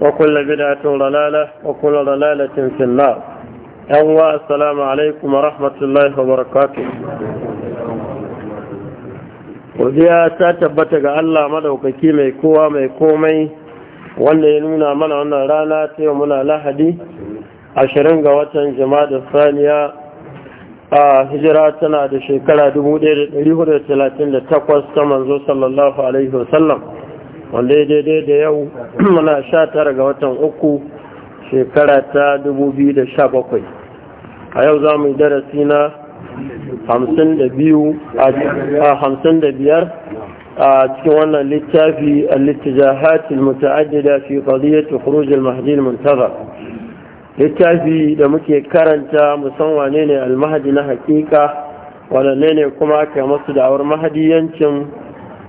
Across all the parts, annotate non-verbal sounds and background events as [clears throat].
وكل بدعة ضلالة وكل ضلالة في النار أهوى السلام عليكم ورحمة الله وبركاته godiya ta tabbata ga Allah madaukaki mai kowa mai komai wanda ya nuna mana wannan rana ta yau muna lahadi ashirin ga watan jama'a saniya a hijira tana da shekara 1438 ta manzo sallallahu alaihi wasallam wanda ya daidai da yau [clears throat] muna sha tara ga watan uku shekara ta 2017 a yau za mu yi darasi na 55 a cikin wannan littafi al-littijahat mutaaddida fi qadiyyat khuruj mahdi al littafi da muke karanta musamman ne ne al-mahdi na hakika wadanne ne kuma aka masu da'awar mahadiyancin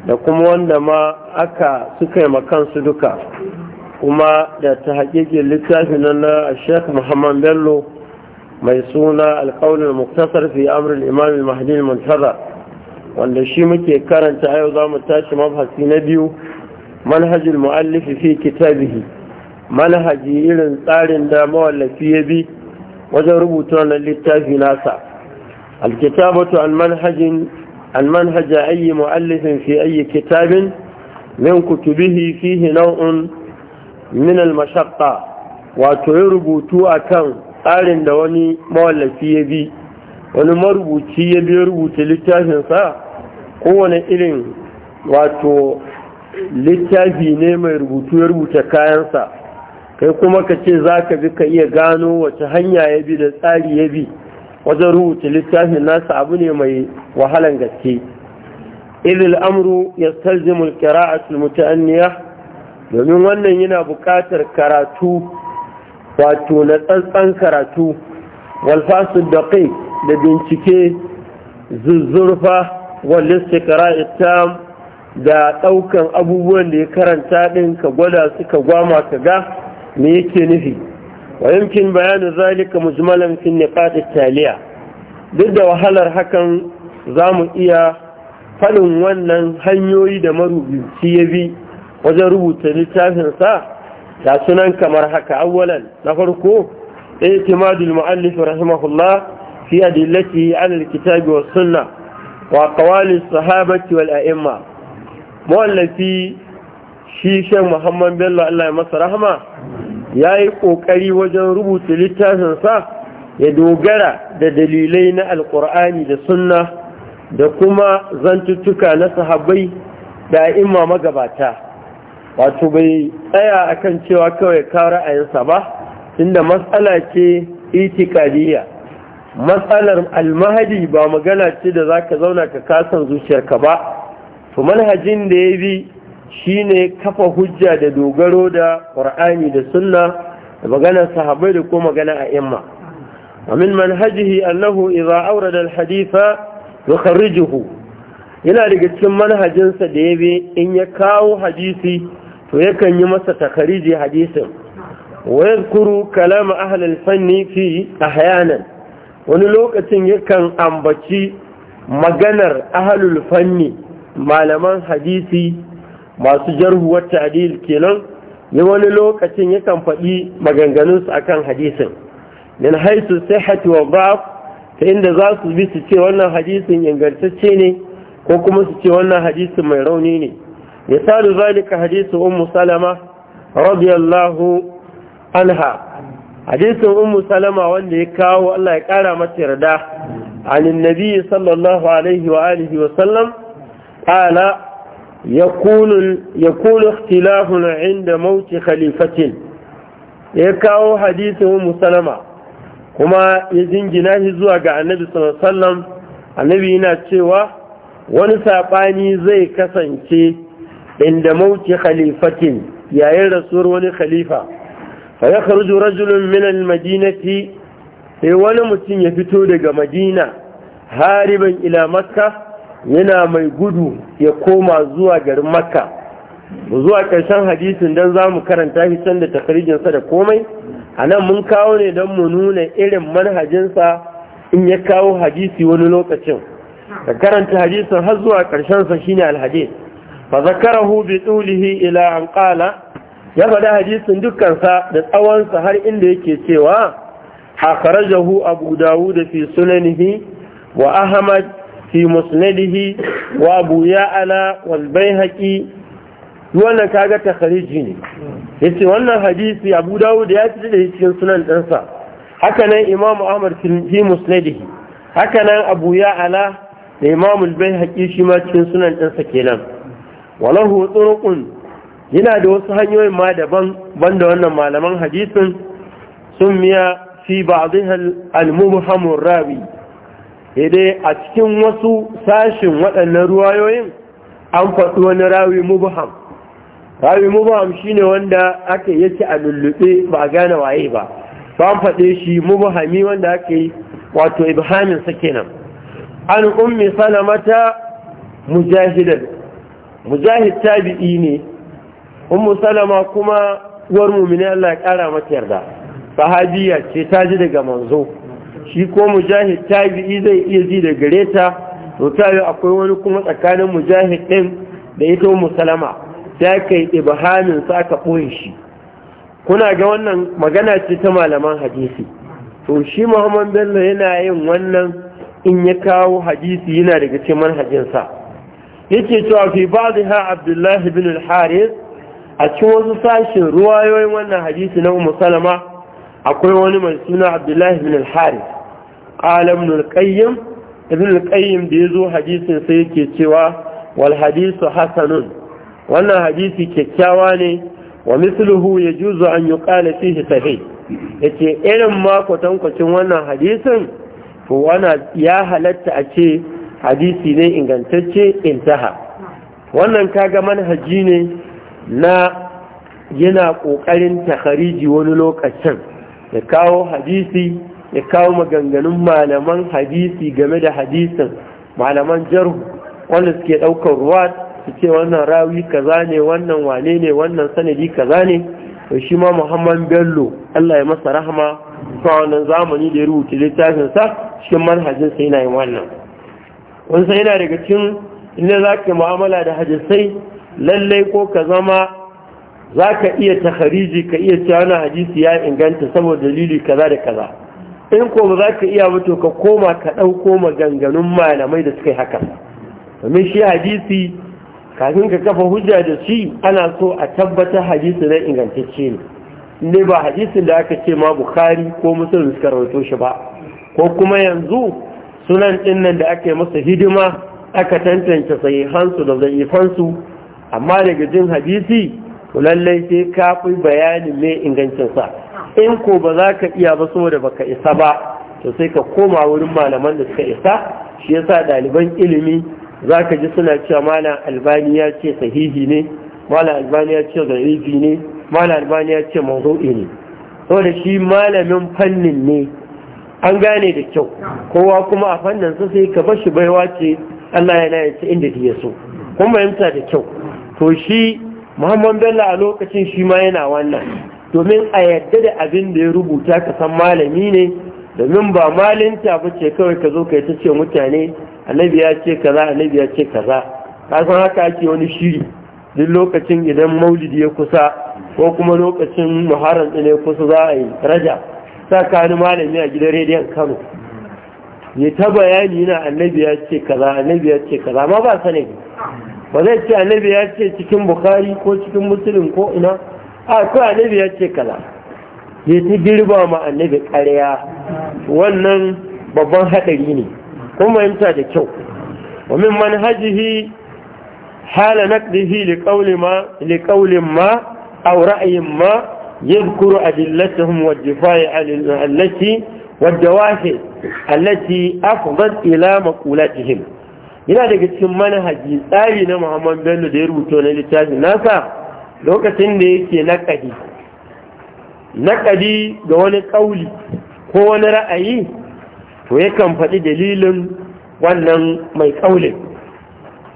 da kuma wanda ma aka suka yi makansu duka kuma da ta hakikin littafin na na sheikh muhammad bello mai suna alkaunin muktasar fi amurin Mahdi mahadin muntaza wanda shi muke karanta yau za mu tashi mafasi na biyu manhajin mu'allifi fi kitabihi manhaji irin tsarin da mawallafi ya bi wajen rubuta wannan littafi nasa alkitabatu an manhajin المنهج أي مؤلف في Min كتاب من كتبه فيه نوع من المشقة وتعرب توأكا قال دواني مؤلفي يبي wani marubuci ya biya rubuta littafinsa kowane irin wato littafi ne mai rubutu ya rubuta kayansa kai kuma ka ce za ka bi ka iya gano wace hanya ya bi da tsari ya bi wajen rubuta littafin nasa abu ne mai wahalan gaske idil amru ya staljimul kira'atul mutu'anniya domin wannan yana buƙatar karatu wato na tsantsan karatu walfasu da kai da bincike zuzzurfa walista ita da ɗaukan abubuwan da ya karanta ɗin ka gwada su ka gwama ka ga me yake nufi ويمكن بيان ذلك مجملا في النقاط التالية ضد وهلر حكم زام إيا فلن ونن هنيوي دمرو بيبسيبي وزرو تلتافن صح لسنن كمرحك أولا نفرقو اعتماد المؤلف رحمه الله في أدلته على الكتاب والسنة وأقوال الصحابة والأئمة مؤلفي شيخ محمد بن الله الله مصر رحمه ya yi ƙoƙari wajen rubuta littafinsa ya dogara da dalilai na alƙur'ani da sunna da kuma zantuttuka na sahabbai da imma magabata wato bai tsaya akan cewa kawai ka ra'ayinsa ba tunda matsala ce itikadiyya matsalar almahadi ba magana ce da za ka zauna ka kasan zuciyarka ba to manhajin da ya bi shine kafa hujja da dogaro da Ƙur'ani da sunna da magana sahabai da kuma magana a'imma wa min manhajihi annahu iza awrada da haditha yukharrijuhu yana daga cikin manhajinsa da bi in ya kawo hadisi to yakan yi masa takariji hadisin waya Kuru, kalama ahli fanni fi a hayanan. wani lokacin yakan ambaci maganar ahlul fanni malaman hadisi masu jarhu wa ta'dil kenan ne wani lokacin yakan faɗi maganganun akan hadisin min haisu sihhati wa dhaf ta inda za su bi su ce wannan hadisin ingantacce ne ko kuma su ce wannan hadisin mai rauni ne misalu zalika hadisu ummu salama radiyallahu anha hadisin ummu salama wanda ya kawo Allah ya kara mata yarda عن sallallahu alaihi wa alihi wa sallam قال Ya يقول اختلافنا عند موت ya kawo hadisin مسلمة kuma ya jingina shi zuwa ga annabi sallam annabi yana cewa wani saɓani zai kasance inda mauti khalifatin yayin rasuwar wani khalifa fa ya kharuju rajulun min madinati sai wani mutum ya fito daga madina hariban ila makka yana mai gudu ya koma zuwa garin makka zuwa ƙarshen hadisin don za mu karanta shi can da takarijinsa da komai a nan mun kawo ne don mu nuna irin manhajinsa in ya kawo hadisi wani lokacin da karanta hadisin har zuwa sa shine alhadis fa zakarahu bi tulihi ila an qala ya faɗa hadisin dukkansa da tsawonsa har inda yake cewa akhrajahu abu dawud fi sunanihi wa ahmad في مسنده wa buya ala walbai haƙi wannan kaga takhariji ne yace wannan hadisi abu dawud ya ci da cikin sunan ɗansa haka nan imam ahmad fi musnadih haka nan abu da imam albai haƙi shi ma cikin sunan ɗansa kenan walahu turuqun yana da wasu hanyoyin ma daban banda wannan malaman hadisin sun miya fi ba'dihal al ar rawi Daidai eh a cikin wasu sashin waɗannan ruwayoyin an faɗi wani rawi mubham rawi mubham shine wanda aka yake a lullube ba a gane waye ba ba an faɗe shi mubhami wanda aka yi wato ibhamin sa kenan an ummi salamata mujahidan mujahid tabi'i ne ummu salama kuma uwar mu'mini Allah ya kara mata yarda sahabiya ce ta ji daga manzo shi ko mujahid tabi'i zai iya ji da gare ta to tabi akwai wani kuma tsakanin mujahid din da ita ummu salama ta kai sa aka boye shi kuna ga wannan magana ce ta malaman hadisi to shi Muhammad Bello yana yin wannan in ya kawo hadisi yana daga cikin manhajin sa yake cewa fi ba'dha abdullahi ibn al-Harith a cikin wasu sashin ruwayoyin wannan hadisi na Ummu Salama akwai wani mai suna abdullahi bin al-harith qala ibn al-qayyim ibn al-qayyim da yazo hadisin sai yake cewa wal hadithu hasanun wannan hadisi kyakkyawa ne wa mithluhu yajuzu an yuqala fihi sahih yace irin ma kwatankwacin wannan hadisin to wana ya halatta a ce hadisi ne ingantacce intaha wannan kaga manhaji ne na yana ƙoƙarin takariji wani lokacin ya kawo hadisi ya kawo maganganun malaman hadisi game da hadisin malaman jarhu wanda suke ɗaukar ruwa su ce wannan rawi kaza ne wannan wane ne wannan sanadi kaza ne to shi ma muhammad bello allah ya masa rahama kuma wannan zamani da ya rubuta littafin sa cikin manhajin sa yana yin wannan wani sai yana daga cikin inda za ka mu'amala da hadisai lallai ko ka zama za ka iya takhariji ka iya cewa wani hadisi ya inganta saboda dalili kaza da kaza in ko ba za ka iya mutu ka koma ka ɗauko maganganun malamai da suka yi haka domin shi hadisi kafin ka kafa hujja da shi ana so a tabbatar hadisi na ingantacce ne ne ba hadisin da aka ce ma bukhari ko musulun suka rawato shi ba ko kuma yanzu sunan ɗinnan da aka yi masa hidima aka tantance sahihansu da zaifansu amma daga jin hadisi to lallai sai ka fi bayanin mai ingancinsa in ko ba za ka iya ba saboda baka isa ba to sai ka koma wurin malaman da suka isa shi yasa ɗaliban ilimi za ka ji suna cewa malam albani ya ce sahihi ne malam albani ya ce zarifi ne malam albani ya ce mazo'i ne saboda shi malamin fannin ne an gane da kyau kowa kuma a fannin sa sai ka bashi baiwa ce Allah ya ya yace inda ya so kun fahimta da kyau to shi muhammad bello a lokacin shi ma yana wannan domin a yadda da abin da ya rubuta ka san malami ne domin ba malinta ba ce kawai ka zo ka yi ta ce mutane annabi ya ce kaza annabi ya ce kaza ka san haka ake wani shiri duk lokacin idan maulidi ya kusa ko kuma lokacin muharram ɗin ya kusa za a yi raja ni malami a gidan rediyon kano ya ta bayani na annabi ya ce kaza annabi ya ce kaza ma ba sanin ba zai ce annabi ya ce cikin bukari ko cikin musulun ko ina a ko annabi ya ce kala. ya ta girba ma annabi ƙarya wannan babban haɗari ne kuma yanta da kyau wa min manhajihi hala na naqdihi liƙaulin ma ra'ayin ma aw a ma yadhkuru a wa difa'i allati wa dawahi allati afdat ila maqulatihim yana daga cikin manhaji tsari na muhammad bello da ya rubuta na littafin nasa lokacin da yake naƙadi naƙadi ga wani ƙauli ko wani ra'ayi to yakan faɗi dalilin wannan mai ƙaulin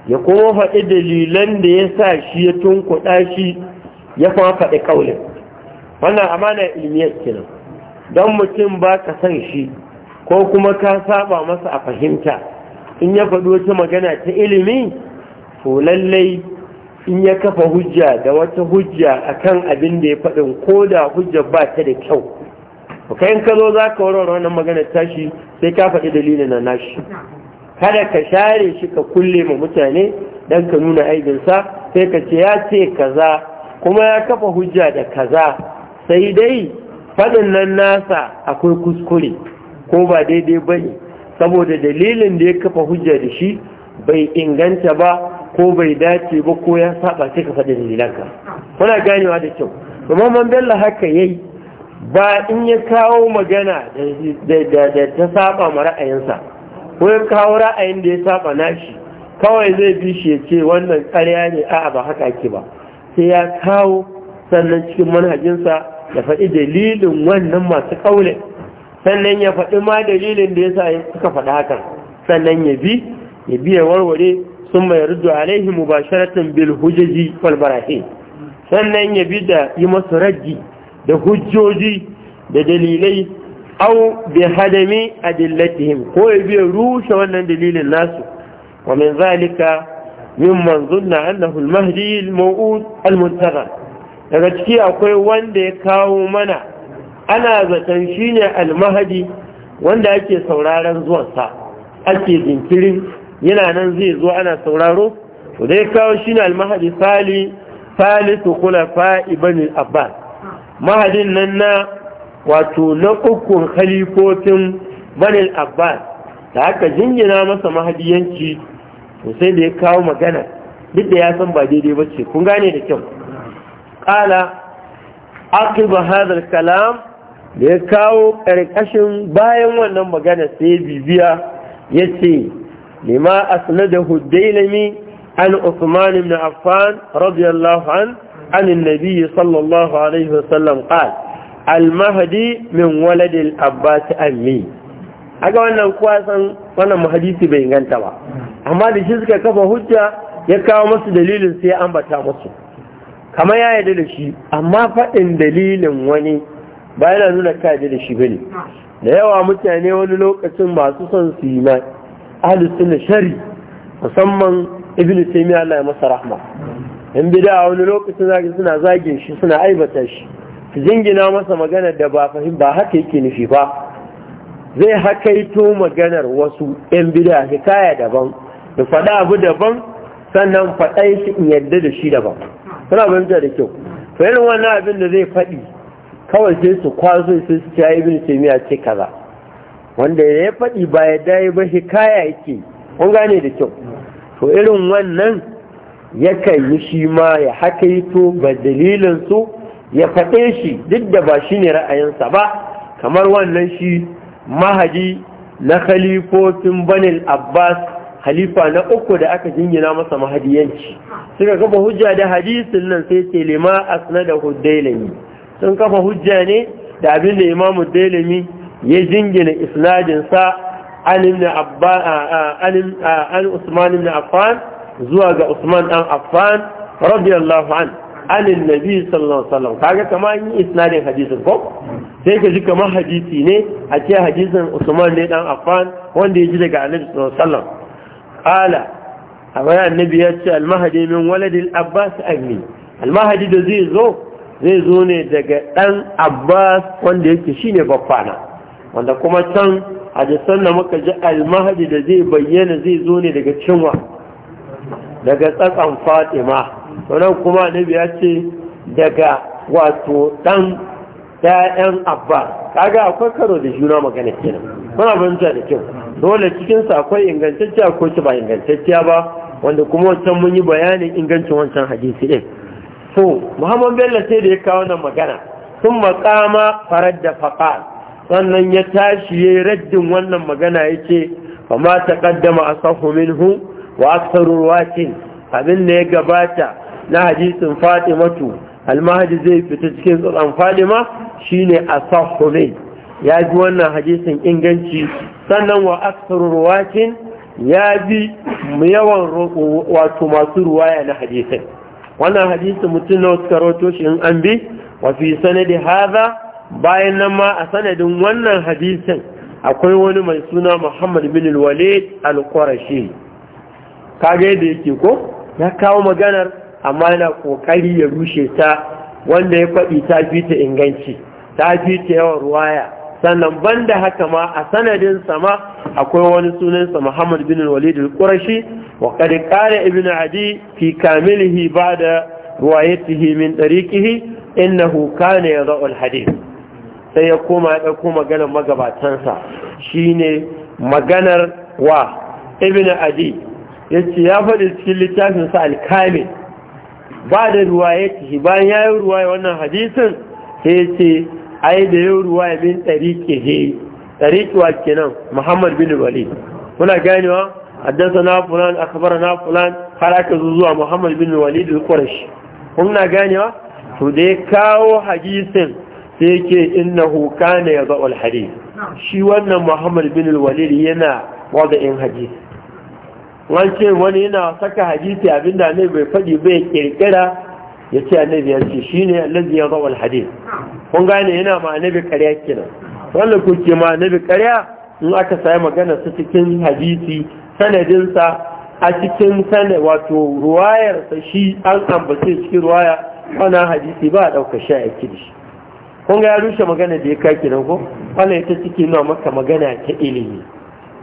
ya kuma faɗi dalilan da ya sa shi ya tunkuɗa shi ya kuma faɗi ƙaulin wannan amana ilmiyar kenan don mutum ba ka san shi ko kuma ka saba masa a fahimta in ya faɗi wata magana ta ilimi to lallai in ya kafa hujja da wata hujja akan abin da ya faɗin ko da hujja ba ta da kyau kai in ka zo za ka warware wannan magana tashi sai ka faɗi dalilin na nashi kada ka share shi ka kulle ma mutane dan ka nuna aibinsa sai ka ce ya ce kaza kuma ya kafa hujja da kaza sai dai faɗin nan nasa akwai kuskure ko ba daidai bane saboda dalilin da ya kafa hujja da shi bai inganta ba ko bai dace ba ko ya saba ka faɗi dalilanka kuna ganewa da kyau kuma man bello haka yayi ba in ya kawo magana da ta saba ma ra'ayinsa ko ya kawo ra'ayin da ya saba nashi kawai zai bi shi ya ce wannan ƙarya ne a'a ba haka ake ba sai ya kawo sannan cikin manhajinsa ya faɗi dalilin wannan masu ƙaule sannan ya faɗi ma dalilin da ya yasa suka faɗi hakan sannan ya bi ya biya warware sun mai rudu alaihi mubasharatan bil hujjaji wal sannan ya bi da yi masu raggi da hujjoji da dalilai au bi hadami adillatihim ko ya biya rushe wannan dalilin nasu wa min zalika mimman zunna annahu al mahdi al maw'ud al muntazar daga ciki akwai wanda ya kawo mana ana zaton shine almahadi wanda ake sauraron zuwansa ake jinkirin yana nan zai zo ana sauraro to dai kawo shine almahadi sali salisu khulafa ibn abbas mahadin nan na wato na ukun khalifofin bani abbas da aka jingina masa mahadiyanci to sai da ya kawo magana duk da ya san ba daidai ba ce kun gane da kyau Ƙala, aqiba hadha al-kalam da ya kawo ƙarƙashin bayan wannan magana sai bibiya ya ce lima asnada huddailami an Usman ibn Affan radiyallahu an an annabi sallallahu alaihi wasallam qal al-mahdi min walad al-abbas ammi aga wannan kwasan wannan hadisi bai inganta ba amma da shi suka kafa hujja ya kawo masu dalilin sai ya ambata masu. kamar ya yarda da shi amma faɗin dalilin wani ba yana nuna kaji da shi bane da yawa mutane wani lokacin masu son su yi mai ahlus da shari musamman ibnu taymiya Allah ya masa rahma in bid'a wani lokacin zaki suna zage shi suna aibata shi su jingina masa magana da ba fahim ba haka yake nufi ba zai hakaito maganar wasu yan bid'a kaya daban da faɗa abu daban sannan faɗa shi in yadda da shi daban suna fahimta da kyau fa irin abin da zai faɗi kawai sai su kwazo sai su ce ibn taymiya ce kaza wanda ya faɗi ba ya dai ba hikaya yake kun gane da kyau to irin wannan yakan yi shi ma ya haka hakaito ba dalilin su ya faɗe shi duk da ba shine ra'ayinsa ba kamar wannan shi mahadi na khalifofin banil abbas halifa na uku da aka jingina masa mahadiyanci suka kafa hujja da hadisin nan sai ce lima da huddailani sun kafa hujja ne da abin da imamu dalimi ya jingina isnadinsa an usman ibn affan zuwa ga usman dan affan radiyallahu an anin nabi sallallahu alaihi wasallam kaga kamar yin isnadin hadisin ko sai ka ji kamar hadisi ne a ce hadisin usman ne dan affan wanda ya ji daga annabi sallallahu alaihi wasallam qala a bayan annabi ya ce al-mahdi min walad al-abbas agni al-mahdi da zai zo zai zo ne daga ɗan abbas wanda yake shine babbana wanda kuma can hadisan da muka ji almahadi da zai bayyana zai zo ne daga cinwa daga tsakan fatima sannan kuma annabi ya ce daga wato ɗan ɗayan abbas kaga akwai karo da juna magana kenan muna banta da kyau dole cikinsa akwai ingantacciya ko ba ingantacciya ba wanda kuma wancan mun yi bayanin ingancin wancan hadisi ɗin to muhammad bello sai da ya kawo nan magana sun makama farar da faƙa sannan ya tashi ya yi raddin wannan magana ya ce ba ma ta ƙaddama a sahumin hu wa aksarun wakin abin da ya gabata na hadisin fatimatu almahadi zai fita cikin tsoron shi shine a sahumin ya ji wannan hadisin inganci sannan wa aksarun wakin ya bi yawan wato masu ruwaya na hadisin wannan hadisi mutum na wasu rawato shi in an bi wa sanadi haza bayan nan ma a sanadin wannan hadisin akwai wani mai suna Muhammad bin Walid al-Qurashi kage yadda yake ko ya kawo maganar amma yana kokari ya rushe ta wanda ya faɗi ta fi ta inganci ta fi ta yawan ruwaya sannan banda haka ma a sanadin sama akwai wani sunansa Muhammad bin Walid al-Qurashi wa qad qala ibn Adi fi kamilihi ba'da ruwayatihi min tariqihi innahu kana yadh'u al-hadith sai ya koma ya dauko maganar magabatansa shine maganar wa ibn Adi yace ya faɗi cikin littafin sa al-Kamil ba da ruwayatihi bayan ya yi ruwaya wannan hadisin sai yace ai da yau ruwa ya ɗari tariki he tariki wa kenan muhammad bin wali muna ganewa haddasa na fulan akbar na fulan har aka zuwa muhammad bin wali da qurashi muna ganewa to ya kawo hadisin sai yake innahu kana yadul hadith shi wannan muhammad bin wali yana wada'in hadisi wance wani yana saka hadisi abinda ne bai faɗi bai kirkira ya ce annabi ya ce shine allazi yadul hadith kun gane yana ma annabi ƙarya kenan wannan kuke ma annabi ƙarya in aka sai magana su cikin hadisi sanadinsa a cikin sanad wato ruwayar sa shi an ambace cikin ruwaya wannan hadisi ba a ɗauka shi a kiri kun ga ya rushe magana da ya ka kenan ko wannan ita ciki nuna maka magana ta ilimi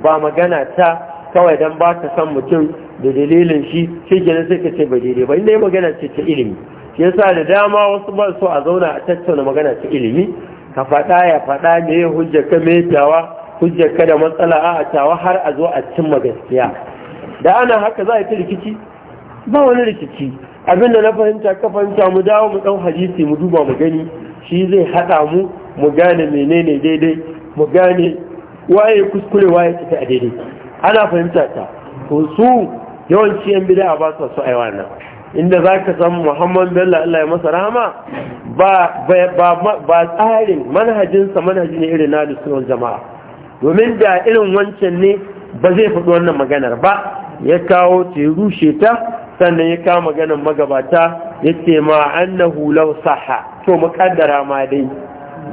ba magana ta kawai dan ba ka san mutum da dalilin shi shi gina sai ka ce ba daidai ba inda ya magana ce ta ilimi ke sa da dama wasu ba su a zauna a tattauna magana ta ilimi ka faɗa ya faɗa ne hujja ka tawa hujja da matsala a tawa har a zo a cimma gaskiya da ana haka za a yi ta rikici ba wani rikici Abin da na fahimta ka fahimta mu dawo mu ɗau hadisi mu duba mu gani shi zai haɗa mu mu gane menene daidai mu gane waye kuskure waye tafi a daidai ana fahimta ta to su yawanci yan bida ba su so aiwa nan inda za ka san muhammad bello allah ya masa rahama ba tsarin manhajinsa manhaji ne irin na sunan jama'a domin da irin wancan ne ba zai faɗi wannan maganar ba ya kawo ta rushe ta sannan ya kawo maganar magabata ya ce ma annahu hular saha to mukaddara ma dai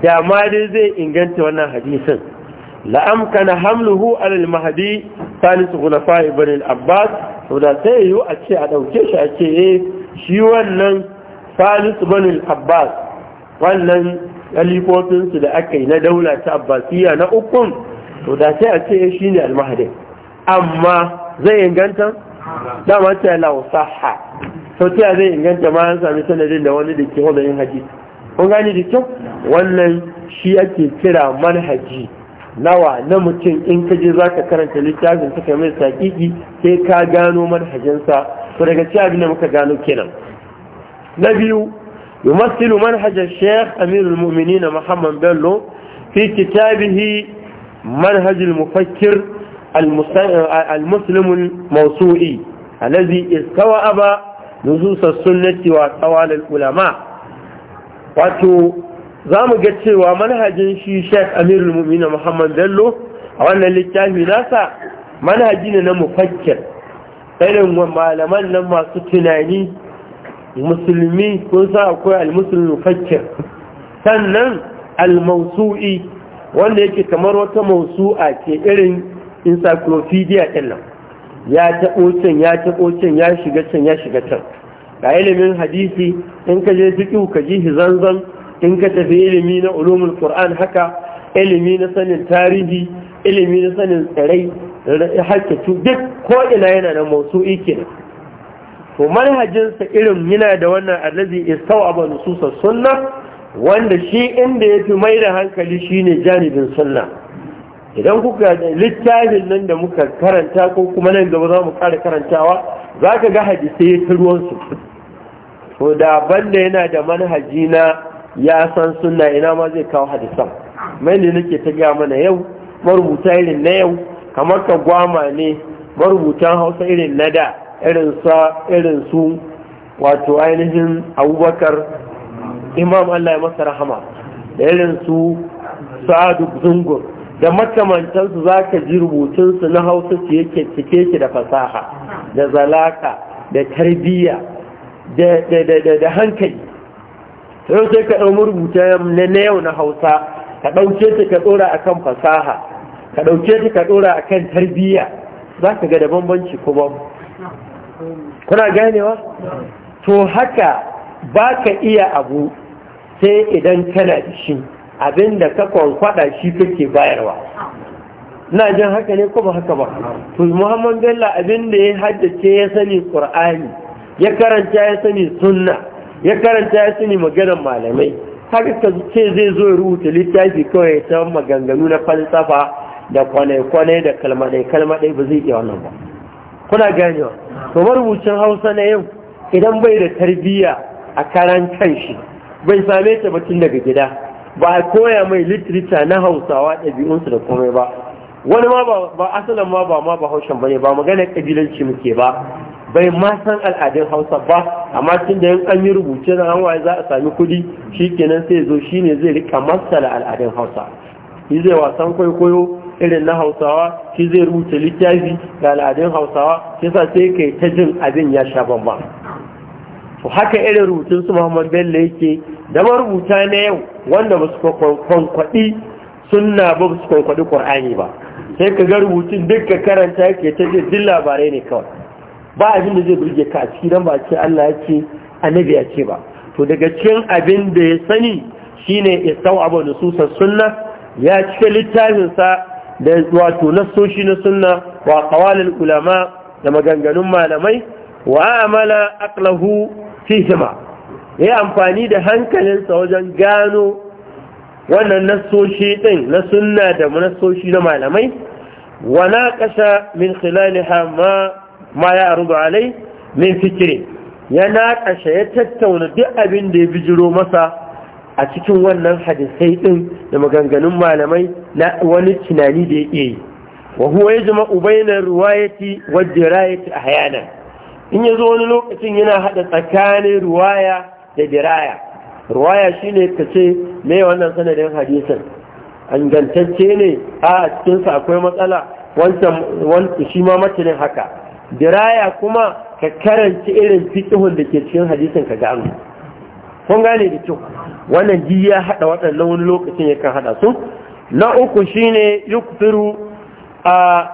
da ma dai zai inganta wannan hadisin la'amkana hamluhu alal mahdi salisu khulafa ibn al-abbas to da sai yiwu a ce a ɗauke shi a ce e shi wannan salisu banin al-abbas wannan kalifofin da aka yi na daula ta abbasiyya na ukun to da sai a ce eh, shi al-mahdi amma zai inganta dama ta lausa ha sau ta zai inganta ma an sami sanadin da wani da ke hoda yin hadisi kun gani da kyau wannan shi ake kira manhaji nawa na mutum in ka je za ka karanta littafin suka mai saƙiƙi sai ka gano manhajinsa to daga ci abin da muka gano kenan na biyu yumassilu manhajar sheikh amirul na muhammad bello fi kitabihi manhajul mufakkir المسلم الموسوعي الذي استوعب sunnati wa tsawalar ulama wato za mu ga cewa manhajin shi sheikh amirul mu'mina muhammad bello a wannan littafi nasa manhaji ne na mufakkir irin malaman nan masu tunani musulmi kun sa akwai almusulmi mufakkir sannan almausu'i wanda yake kamar wata mausu'a ke irin encyclopedia ɗin nan ya taɓo can ya taɓo can ya shiga can ya shiga can ga ilimin hadisi in ka je duk ka ji zanzan in ka tafi ilimi na ulumul qur'an haka ilimi na sanin tarihi ilimi na sanin tsirai hakkatu duk ko ina yana da mausu'i kenan to manhajinsa irin yana da wannan allazi istawaba nususas sunna wanda shi inda yafi mai da hankali shine janibin sunna idan kuka littafin nan da muka karanta ko kuma nan gaba za mu ƙara karantawa za ka ga hadisai ta ruwansu to da banda yana da manhaji na ya san suna ina ma zai kawo hadisan mai ne nake ta gaya mana yau marubuta irin na yau kamar ka gwama ne marubutan hausa irin na da irin su wato ainihin abubakar imam allah ya masa rahama da irin su sa'adu zungur da makamantansu za ka ji rubutunsu na hausa su yake cike ki da fasaha da zalaka da tarbiyya da hankali yau sai ka ɗau rubuta na yau na hausa ka ɗauke ta ka ɗora a kan fasaha ka ɗauke ta ka ɗora a kan tarbiyya za ka ga da bambanci kuma kuna ganewa to haka ba ka iya abu sai idan kana da shi abinda ka kwankwada shi kake bayarwa na jan haka ne ko haka ba to muhammad bello abinda ya haddace ya sani qur'ani ya karanta ya sani sunna ya karanta ya sani maganar malamai har ka ce zai zo ya rubuta littafi kawai ta maganganu na falsafa da kwane-kwane da kalmadai-kalmadai ba zai iya wannan ba kuna ganewa to marubucin hausa na yau idan bai da tarbiyya a karan kan shi bai same ta batun daga gida ba a koya mai litrita na hausawa ɗabi'unsu da komai ba wani ma ba asalin ma ba ma ba haushen ba ne ba magana ƙabilanci muke ba bai ma san al'adun hausa ba amma tun da yan an yi rubuce na hawaye za a sami kuɗi shi kenan sai zo shi ne zai rika masala al'adun hausa shi zai wasan kwaikwayo irin na hausawa shi zai rubuta littafi da al'adun hausawa shi sa sai kai ta jin abin ya sha bamba to haka irin rubutun su muhammad bello yake da rubuta na yau wanda ba su kwankwaɗi sunna ba su kwankwaɗi ƙur'ani ba sai ka ga rubutun duk ka karanta yake ta jin labarai ne kawai ba abin da zai burge ka a ciki dan ba ce Allah ya ce annabi ya ce ba to daga cikin abin da ya sani shine istau abu da susar sunna ya cika littafinsa da wato nasoshi na sunna wa kawalin ulama da maganganun malamai wa amala aqlahu ya yi amfani da hankalinsa wajen gano wannan nasoshi din na sunna da nasoshi na malamai wa na naqasha min khilaliha ma ma ya arudu alai min fikiri ya kashe ya tattauna duk abin da ya bijiro masa a cikin wannan hadisai ɗin da maganganun malamai na wani tunani da ya iya yi wa huwa ya jima ubainar ruwayati wa dirayati a hayana in ya zo wani lokacin yana haɗa tsakanin ruwaya da diraya ruwaya shine ka ce me wannan sanadin hadisin Angantacce ne a cikinsa akwai matsala wancan shi ma matanin haka diraya kuma ka karanci irin fiqhun da ke cikin hadisin ka gano kun gane da kyau wannan ji ya haɗa waɗannan wani lokacin ya kan haɗa su na uku shi shine yukfiru a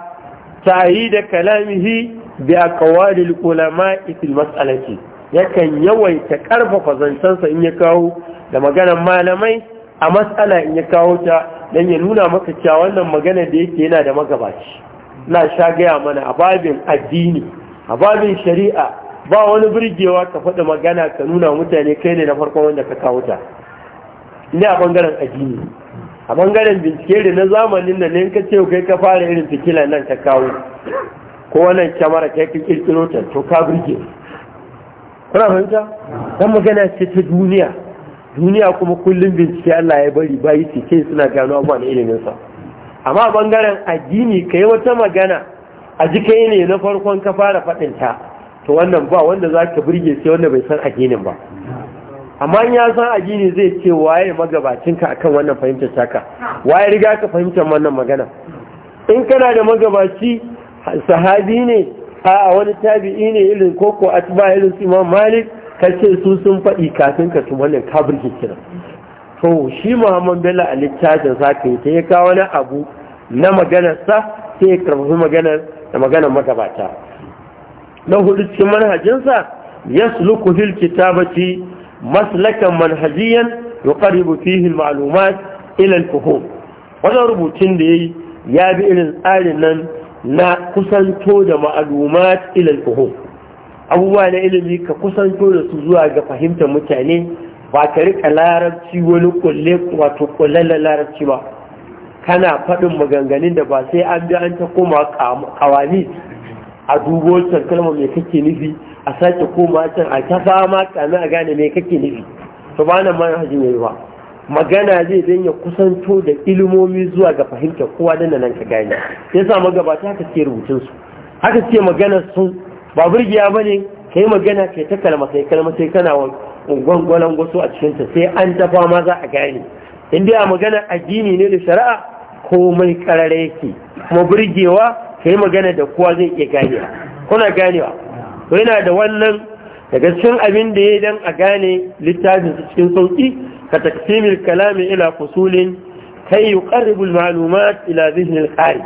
tayi da kalamihi bi aqwalil ulama fil matsalaci. yakan yawaita ƙarfafa zancensa in ya kawo da maganar malamai a matsala in ya kawo ta don ya nuna maka cewa wannan magana da yake yana da magabaci na sha gaya mana a babin addini a babin shari'a ba wani birgewa ka faɗi magana ka nuna mutane kai ne na farkon wanda ka kawo ta ne a bangaren addini a bangaren bincike da na zamanin da ne ka ce kai ka fara irin fikila nan ka kawo ko wannan kyamara kai ka kirkiro ta to ka birge kuna fahimta dan magana ce ta duniya duniya kuma kullum bincike Allah ya bari bayi ce suna gano abuwa na iliminsa. sa amma bangaren addini ka yi wata magana a jikai ne na farkon ka fara faɗinta to wannan ba wanda za ka birge sai wanda bai san addinin ba amma ya san addini zai ce waye magabacinka akan wannan fahimtar taka waye riga ka fahimtar wannan magana in kana da magabaci sahabi ne a wani tabi'i ne irin koko atba irin su imam malik ka su sun faɗi kafin ka tun wannan kabir kiran to shi Muhammadu bello a littafin sake ta ya kawo wani abu na maganarsa sai ya karfafi maganar da maganar magabata na hudu cikin manhajinsa ya suluku ta kitabati maslakan manhajiyan yuqarribu fihi al-ma'lumat ila al-fuhum rubutun da ya yi ya bi irin tsarin nan na kusanto da ma'alumat ilal kuhu abubuwa na ilimi ka kusanto da su zuwa ga fahimtar mutane ba ka rika larabci wani kulle wato kullalle larabci ba kana faɗin maganganun da ba sai an bi an ta koma kawani a dubo wancan kalma mai kake nufi a sake koma can a ta fama kame a gane mai kake nufi to ba nan manhajin mai ba magana zai dan ya kusanto da ilimomi zuwa ga fahimtar kowa da nan ka gane yasa magabata haka ce rubutun su haka ce maganar su ba burgiya ka yi magana yi ta kalma sai kalma sai kana gwangwalan wasu a cikinta sai an tafa ma za a gane inda ya a magana addini ne da shari'a ko mai karare yake kuma burgewa yi magana da kowa zai iya ganewa kuna ganewa to yana da wannan daga cikin abin da ya yi don a gane littafin su cikin sauki ka taksimin kalami ila fusulin kai ila ƙari.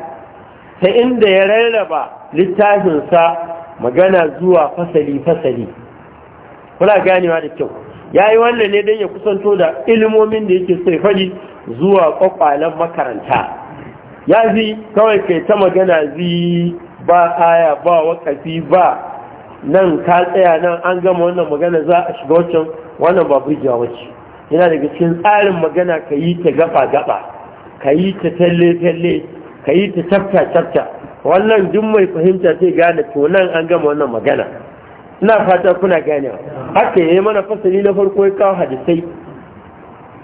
ta inda ya rarraba littafinsa magana zuwa fasali fasali kula ganewa da kyau ya yi wannan ne don ya kusanto da ilimomin da yake sai faɗi zuwa kwakwalen makaranta ya zi kawai kai ta magana zi ba aya ba wakafi ba nan ka tsaya nan an gama wannan magana za a shiga wancan wannan ba bujewa wacce yana daga cikin tsarin magana ka yi ta gaba gaba ka yi ta talle talle ka yi ta tafta tafta wannan duk mai fahimta sai gane to nan an gama wannan magana na fata kuna ganewa haka ya yi mana fasali na farko ya kawo hadisai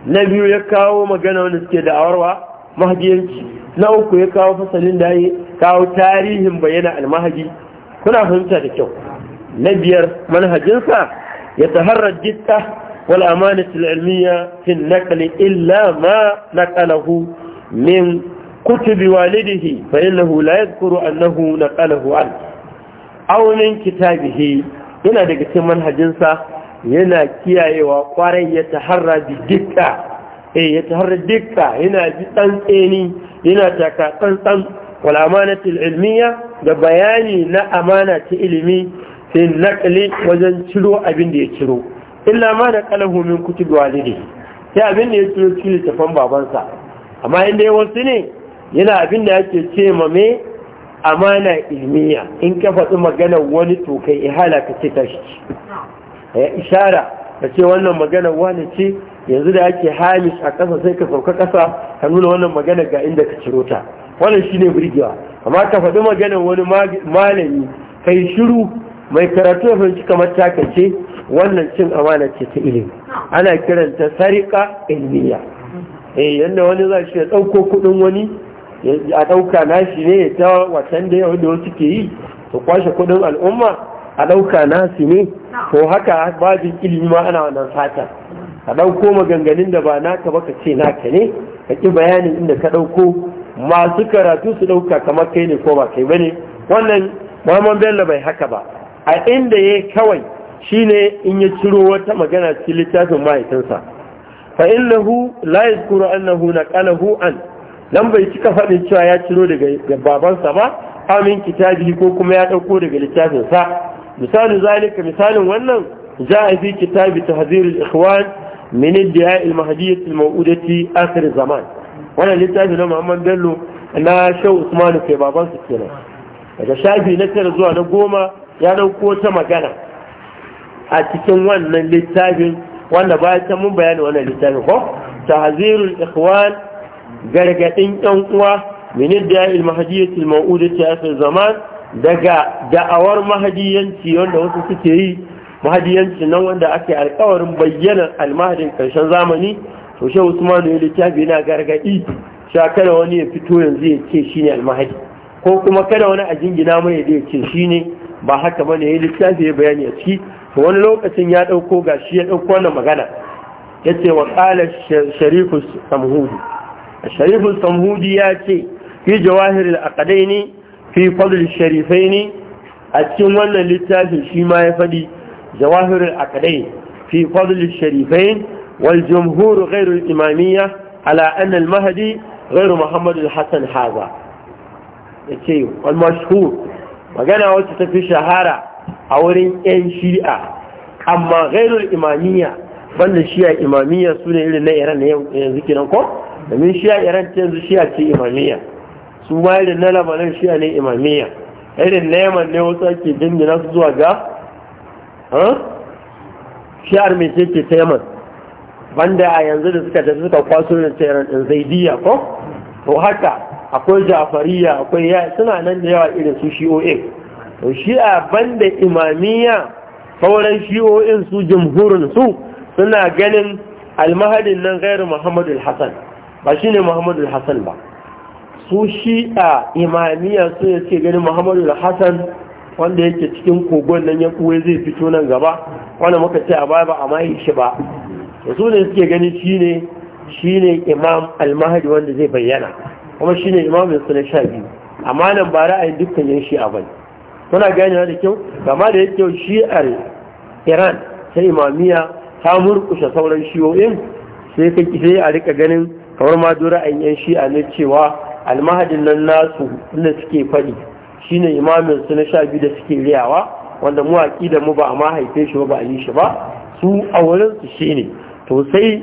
na biyu ya kawo magana wanda suke da awarwa mahajiyanci na uku ya kawo fasalin da ya kawo tarihin bayyana almahaji kuna fahimta da kyau na biyar manhajinsa ya taharra jitta wal amanatu ilmiya fi nakali. illa ma naqalahu min kutubi walidihi fa innahu la yadhkuru annahu naqalahu an aw min kitabihi yana daga cikin manhajinsa yana kiyayewa kwarai ya taharra bi dukka eh ya taharra dukka yana bi dan tseni yana taka tsantsan wal amanati ilmiya da bayani na amana ta ilimi fi naqli wajen ciro abin da ya ciro illa ma da kalahu min kutub walidi sai abin da ya ciro cikin tafan babansa amma inda ya wasu ne yana abin da yake ce ma me amana ilmiya in ka faɗi magana wani to kai ihala ka ce tashi ya ishara ka ce wannan maganar wani ce yanzu da ake hamish a ƙasa sai ka sauka ƙasa ka nuna wannan magana ga inda ka ciro ta wannan shine burgewa amma ka faɗi maganar wani malami kai shiru mai karatu ya fahimci kamar ka ce wannan cin amana ce ta ilimi ana kiranta sarika ilmiya eh yanda wani za shi ya ɗauko kuɗin wani a ɗauka nashi ne ta watan da yau da wasu ke yi su kwashe kudin al'umma a ɗauka nasi ne ko haka babin ilimi ma ana wannan sata? a ɗauko maganganun da ba naka ba ka ce naka ne ka ƙi bayanin inda ka ɗauko masu karatu su ɗauka kamar kai ne ko ba kai ba ne wannan Maman Bello bai haka ba a inda ya kawai shine in ya ciro wata magana cikin littafin mahaifinsa fa innahu la yadhkuru annahu naqalahu an nan bai cika faɗin cewa ya ciro daga babansa ba amin kitabi ko kuma ya ɗauko daga littafinsa misalin zalika misalin wannan za a fi kitabi tahzirul ikhwan min iddiya'i al al maw'udati akhir zaman wannan littafin na Muhammad Bello na Shehu Usman kai babansa kenan daga shafi na tara zuwa na goma ya ɗauko ta magana a cikin wannan littafin wanda bayan mun bayani wannan littafin ko tahzirul ikhwan Gargaɗin yan uwa min da al-mahdiyyatul ta fi zaman daga da'awar mahadiyanci wanda wasu suke yi mahadiyanci nan wanda ake alkawarin bayyanar almahadin karshen zamani to shehu usmanu ya littafi yana gargadi sha kada wani ya fito yanzu ya ce shine almahadi ko kuma kada wani a jingina mai da ya ce shine ba haka ne ya littafi ya bayani a ciki to wani lokacin ya ɗauko ga shi ya ɗauko wannan magana ya ce wa ƙalar sharifus samhudi sharifin samhudi ya ce fi jawahir al'aƙadai ne fi fadl sharifai ne a cikin wannan littafin shima ya faɗi jawahir al'aƙadai fi fadl sharifai wal jamhur ghairu imamiyya ala anna al-mahdi ghairu muhammad al-hasan haza yace wal mashhur magana wacce ta fi shahara a wurin yan shi'a amma ghairu imamiyya banda shi'a imamiyya su ne irin na iran yanzu kenan ko domin shiya iran yanzu shiya ce imamiya su ma irin na labarin shiya ne imamiya irin na yaman ne wasu ake jingina su zuwa ga shiyar mai ce ta yaman banda a yanzu da suka tafi suka kwaso da ta yaran ɗin zaidiya ko to haka akwai jafariya akwai ya suna nan da yawa irin su shi'o'in to shi'a banda imamiyya sauran shi'o'in su jamhurin su suna ganin almahadin nan gairu muhammadu hassan ba shi ne muhammadu hassan ba su shi a imaniya su ya ce ganin muhammadu hassan wanda yake cikin kogon nan ya kuwa zai fito nan gaba wanda muka ce a baya ba a mahi shi ba da su ne suke gani shi ne shi ne imam almahadi wanda zai bayyana kuma shi ne imam da suna sha biyu amma nan ba ra'ayin dukkan yan shi'a bane kuna ganewa da kyau gama da yake shi'ar iran ta imamiya ta murkushe sauran shi'o'in sai a rika ganin Kawar ma dora ra'ayin shi a nan cewa almahadin nan nasu inda suke faɗi shine imamin su na sha biyu da suke riyawa wanda mu da mu ba a ma haife shi ba ba a yi shi ba su a wurin su ne to sai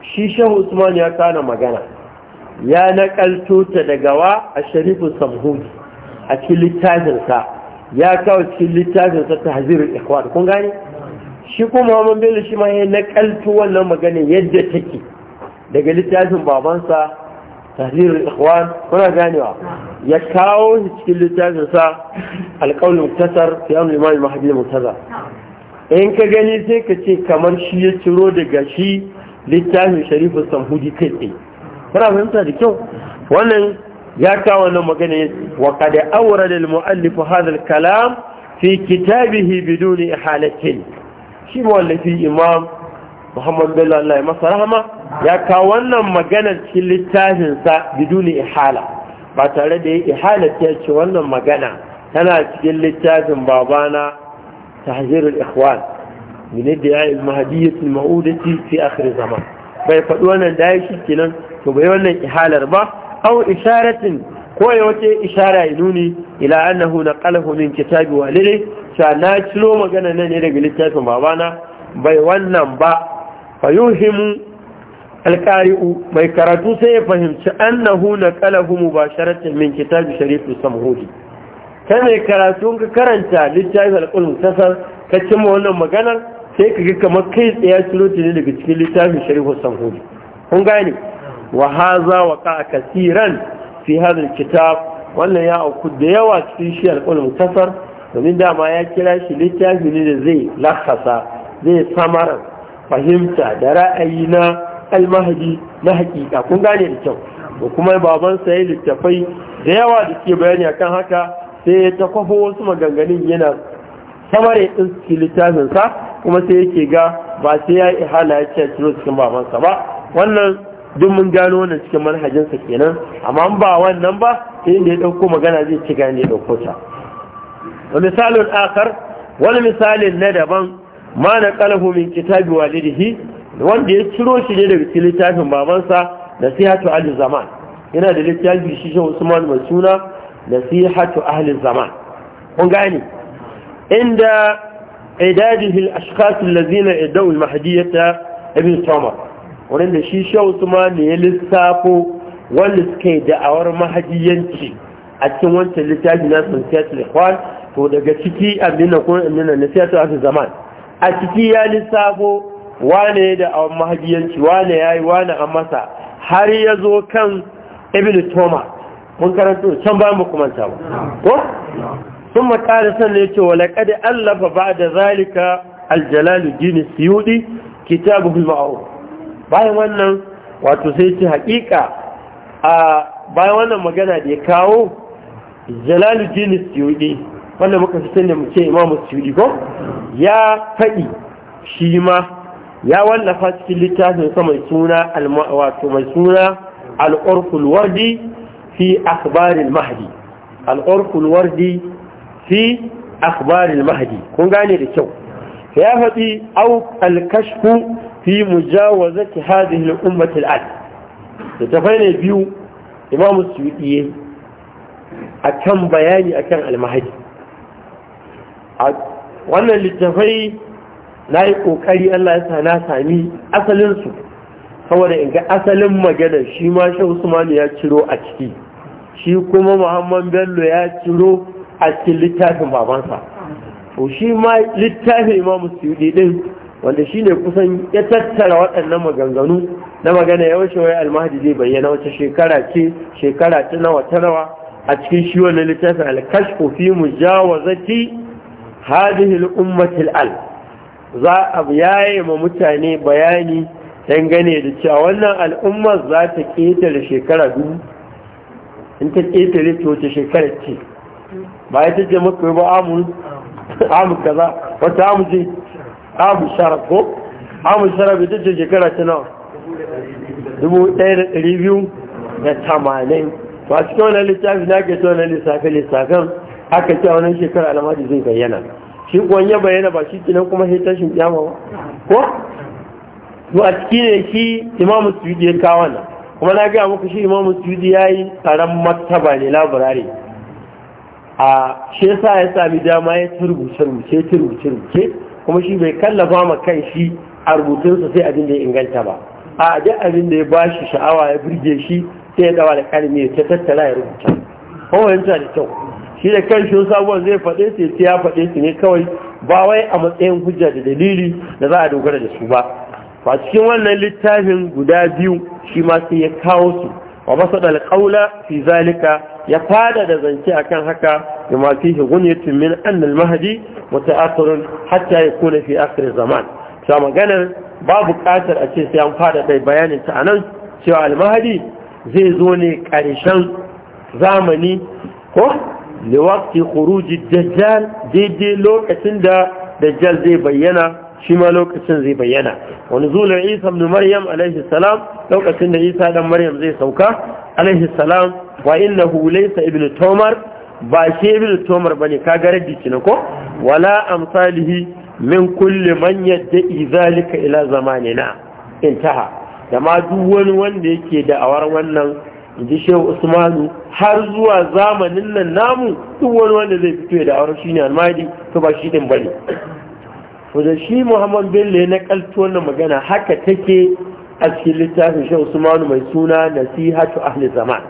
shi Shahu usman ya kana magana ya nakalto ta daga wa a sharifu Samhud a cikin littafinsa ya kawo cikin littafinsa ta hazirin ikhwan kun gane shi kuma Muhammad Bello shi ma ya nakalto wannan magana yadda take daga littafin babansa tahrirul ikhwan kuna ganewa ya kawo shi cikin littafin sa alƙawlin tasar fiyan limani mahadi mutaza in ka gani sai ka ce kamar shi ya ciro daga shi littafin sharifu samhudi kai tsaye kuna fahimta da kyau wannan ya kawo wannan magana wa qad awrada al mu'allif hadha al kalam fi kitabihi biduni ihalatin shi mawallafi imam muhammad bello allah ya masa rahama ya kawo wannan maganar cikin littafinsa biduni ihala ba tare da ya ihala ta ce wannan magana tana cikin littafin babana tahzirul ikhwan min da'i al ma'udati fi akhir zaman bai faɗi wannan da shi kenan to bai wannan ihalar ba aw isharatin ko ya wace ishara ya nuni ila annahu naqalahu min kitabi walidi sha na ciro magana nan ne daga littafin babana bai wannan ba fayuhimu alƙari'u mai karatu sai ya fahimci annahu na kalahu mubasharatan min kitabi sharifu samhudi ta mai karatu ka karanta littafin alƙul mutasar ka cimma wannan maganar sai ka ga kamar kai tsaya siloti ne daga cikin littafin sharifu samhudi kun gane wa haza wa ka kasiran fi hadal kitab wannan ya auku da yawa cikin shi alƙul mutasar domin dama ya kira shi littafi ne da zai lakasa zai samarar fahimta da ra'ayi na almahadi na hakika kun gane da kyau da kuma babansa ya littafai da yawa da ke bayani akan haka sai ya ta kwafo wasu maganganun yana samare ɗin cikin littafinsa kuma sai yake ga ba sai ya yi ihala ya ce ciro cikin babansa ba wannan duk mun gano wannan cikin manhajinsa kenan amma ba wannan ba sai inda ya ɗauko magana zai ci gane ya ɗauko ta misalin akar wani misalin na daban ma na qalahu min kitabi walidihi wanda ya ciro shi ne daga cikin littafin babansa nasihatu ahli zaman yana da littafi shi shi Usman mai suna nasihatu ahli zaman kun gane inda idadihi al-ashkhas allazina idaw al-mahdiyata ibn Umar wanda shi shi Usman ne ya lissafo wanda suke da'awar mahadiyanci a cikin wancan littafi na sunniyatul ikhwan to daga ciki abinda ko abinda nasihatu ahli zaman a ciki ya lissafo wane da a mahajiyanci wane ya yi wane a masa har ya zo kan ibn toma mun karanta can bayan ba kuma ba ko sun makara sannan ya ce wa laƙadi allafa ba da zalika aljalalu jini siyudi kitabu hulma'au bayan wannan wato sai ce haƙiƙa a bayan wannan magana da ya kawo jalalu jini siyudi wanda muka fi sani mu ce imamu ko ya faɗi shi ma ya wallafa cikin littafin sa mai suna wato mai suna al'urkul wardi fi akhbaril mahdi al'urkul wardi fi akhbaril mahdi kun gane da kyau ya faɗi au alkashfu fi mujawazati hadhihi al-ummati al-ad tafai ne biyu imamu suyudi a kan bayani akan al-mahdi wannan littafai na yi ƙoƙari Allah ya sana sami asalinsu saboda in ga asalin magana shi ma shi Usman ya ciro a ciki shi kuma Muhammad Bello ya ciro a cikin littafin babansa to shi ma littafin Imam Suyuti din wanda shi ne kusan ya tattara waɗannan maganganu na magana yawanci wai almahdi zai bayyana wace shekara ce shekara ta nawa ta nawa a cikin shi wannan littafin al-kashfu fi mujawazati hadihil ummatil al za a yaye ma mutane bayani dangane da cewa wannan al'ummar za ta ƙetare shekara dubu in ta ƙetare ta shekara ce ba ya ta ce maka ba amu amu kaza wata amu ce amu shara ko amu shara bai ta ce shekara ta nawa dubu ɗaya da ɗari biyu da tamanin ba cikin wani littafi na ke ta wani lissafe lissafen haka cewa wannan shekara almadi zai bayyana shi kuwan ya bayyana ba shi kinan kuma sai tashin kiyama ba ko to a ciki ne shi imamu suyudi ya kawo nan kuma na gaya muku shi imamu suyudi ya yi taron martaba ne laburare a shi yasa ya sami dama ya turbuce rubuce turbuce rubuce kuma shi bai kallafa ma kan shi a rubutunsa sai abin da ya inganta ba a duk abin da ya ba shi sha'awa ya burge shi sai ya dawa da kalmi ya tattara ya rubuta ko da kyau shi da kan shi sabuwar zai faɗe su ya faɗe su ne kawai ba wai a matsayin hujja da dalili da za a dogara da su ba a cikin wannan littafin guda biyu shi ma sai ya kawo su wa da alƙaula fi zalika ya fada da zance akan haka da ma fihi gunyatun min anna mahadi, mahdi muta'akhirun hatta ya kuna fi akhir zaman ta maganar ba buƙatar a ce sai an fada dai bayanin ta anan cewa al-mahdi zai zo ne ƙarshen zamani ko liwakti khuruji dajjal daidai lokacin da dajjal zai bayyana shima ma lokacin zai bayyana wani zuwa isa ibn maryam alaihi salam lokacin da isa dan maryam zai sauka alaihi salam wa innahu laysa ibnu tomar ba shi ibnu tomar ne, ka ga raddi ko wala amsalihi min kulli man yad'i zalika ila zamanina intaha da ma duk wani wanda yake da wannan In ji shehu usmanu har zuwa zamanin nan namu duk wani wanda zai fito da auren shine almadi to ba shi din bane to da shi muhammad bello na kalto wannan magana haka take a cikin littafin shehu usmanu mai suna nasihatu ahli zaman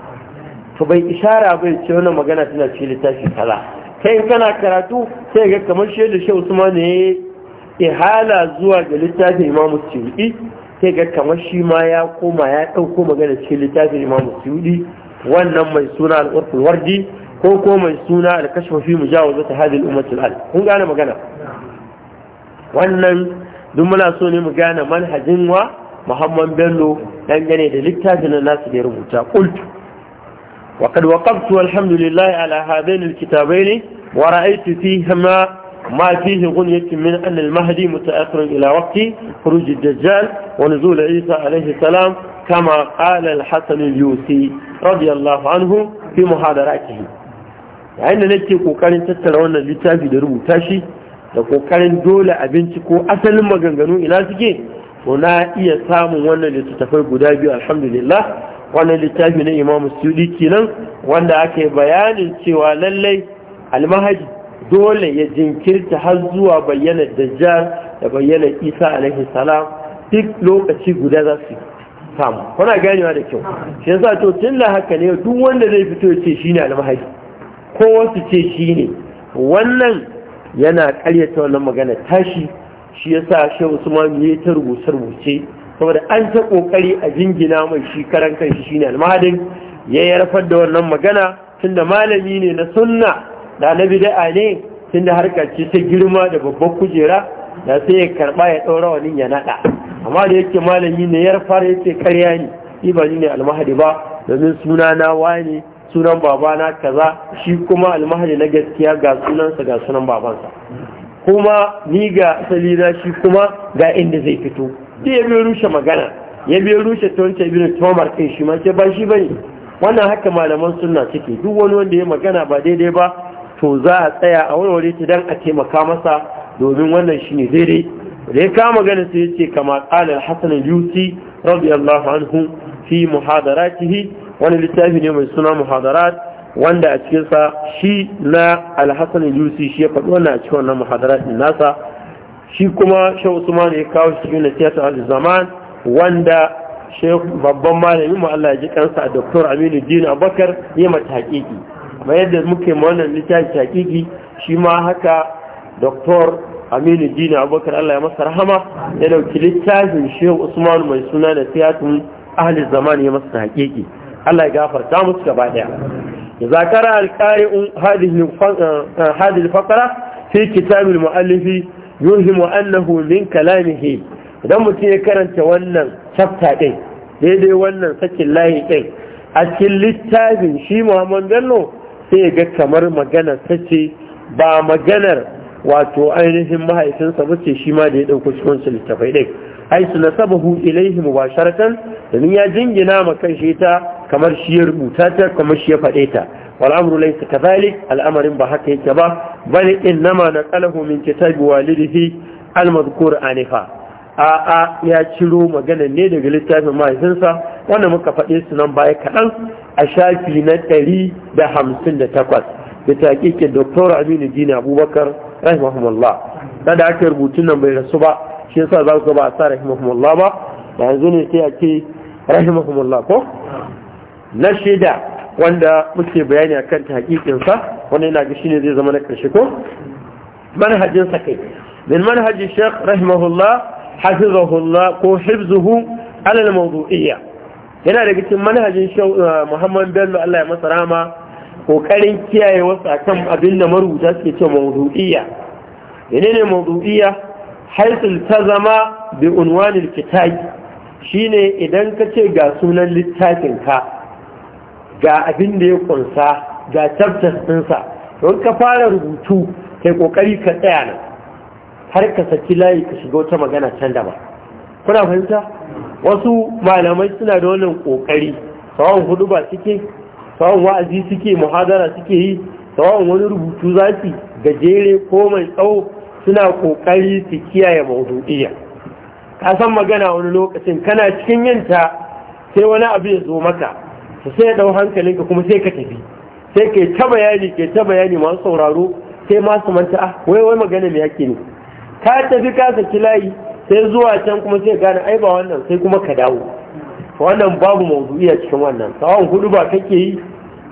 to bai ishara bai ce wannan magana tana cikin littafin kaza kai kana karatu sai ga kamar shehu usmanu ya ihala zuwa ga littafin imamu suyuti sai ga kamar shi ma ya koma ya ɗauko magana cikin littafin imamu suyudi wannan mai suna al'urful wardi ko ko mai suna al-kashfa fi mujawazat hadhihi al-ummati al kun gane magana wannan duk muna so ne mu gane manhajin wa Muhammad Bello dangane da littafin na nasu da rubuta qultu wa qad waqaftu alhamdulillah ala hadain alkitabaini wa ra'aytu ما فيه غنية من أن المهدي متأخر إلى وقت خروج الدجال ونزول عيسى عليه السلام كما قال الحسن اليوسي رضي fi عنه في محاضراته yayin da nake kokarin tattara wannan littafi da rubuta shi da kokarin dole abinci ko asalin maganganu ina suke to na iya samun wannan littattafai guda biyu alhamdulillah wannan littafi na Imam suyudi kenan wanda aka yi bayanin cewa lallai almahadi dole ya jinkirta har zuwa bayyana dajjal da bayyana isa alaihi salam duk lokaci guda za su samu kuna ganewa da kyau shi yasa to tun da haka ne duk wanda zai fito ya ce shi ne almahadi ko wasu ce shi ne. wannan yana karyata wannan magana tashi shi yasa shi usman ya ta rubuce rubuce saboda an ta kokari a jingina mai shi karan kanshi ne almahadin ya yarfar da wannan magana tunda malami ne na sunna da na bid'a ne tun da harkar ce ta girma da babban kujera da sai ya karba ya ɗaura wani ya naɗa amma da yake malami ne ya fara yake karya ne ni ba ni ne almahadi ba domin suna na wani sunan babana kaza shi kuma almahadi na gaskiya ga sunansa ga sunan babansa kuma ni ga salina shi kuma ga inda zai fito sai ya biyo rushe magana ya biyo rushe tonta ibn tomar kai shi ma ce ba shi ba ne. wannan haka malaman sunna suke duk wani wanda ya magana ba daidai ba to za a tsaya a wani wuri ta dan a taimaka masa domin wannan shi ne daidai da ya kama ganin sai ce kama qalan hasan yusi radiyallahu anhu fi muhadaratihi wani littafi ne mai suna muhadarat wanda a cikin sa shi na Alhassan shi ya faɗi wannan a cikin wannan muhadarat nasa shi kuma shehu usman ya kawo shi cikin a al-zaman wanda shehu babban malamin mu Allah ya ji kansa a doktor Aminu Dino Abubakar ya mata haƙiƙi Ma yadda muke wannan littafi hakiki shi ma haka doktor aminu dina abubakar allah ya masa rahama ya dauki littafin shehu usman mai suna da tiyatun ahli zaman ya masa hakiki allah ya gafarta musu gaba daya zakara alqari'un hadhihi eh, eh, hadin faqra fi kitabin al-mu'allif yuhimu min kalamihi idan mutum ya karanta wannan chapter din daidai wannan sakin layi din a cikin littafin shi Muhammad Bello sai ga kamar magana ce ba maganar wato ainihin mahaifinsa ba ce shi ma da ya ɗauko cikin wancan littafai ɗin ai su nasabahu ilaihi mubasharatan ni ya jingina ma kan ta kamar shi ya rubuta ta kamar shi ya faɗe ta wal amru laysa kadhalik al'amarin ba haka yake ba bal innama naqalahu min kitabi walidihi al-madhkur anifa a'a ya ciro magana ne daga littafin mahaifinsa wanda muka faɗe su nan baya kaɗan a shafi na ɗari da hamsin da takwas da taƙiƙin doktor aminu dina abubakar rahimahumullah na da aka rubutun nan bai rasu ba shi yasa za ku ba a sa rahimahumullah ba ba yanzu ne sai a ce rahimahumullah ko na shida wanda muke bayani akan taƙiƙinsa wanda yana ga shine zai zama na ƙarshe ko manhajinsa kai min manhajin shek rahimahullah hafizahullah ko hifzuhu alal mawdu'iyya yana daga cikin manhajin Muhammad Bello Allah ya masa ƙoƙarin kokarin kiyaye wasu akan abin da marubuta suke ce mawdu'iyya menene mawdu'iyya haisul tazama bi unwanil kitab shine idan ka ce ga sunan littafin ka ga abinda ya ƙunsa, ga chapters ɗinsa don ka fara rubutu kai ƙoƙari ka tsaya nan har ka saki layi ka shiga wata magana can da ba kuna fahimta wasu malamai suna da wannan kokari sawan hudu ba suke sawan wa'azi suke muhadara suke yi sawan wani rubutu za gajere ko mai tsawo suna kokari su kiyaye maudu'iyya ka san magana wani lokacin kana cikin yanta sai wani abu ya zo maka sai ya dau hankalinka kuma sai ka tafi sai ke ta bayani ke ta bayani masu sauraro sai masu manta ah wai wai magana me yake ne ka tafi ka saki layi sai zuwa can kuma sai gane ai ba wannan sai kuma ka dawo wannan babu mawdu'i a cikin wannan sawa'un hudu ba kake yi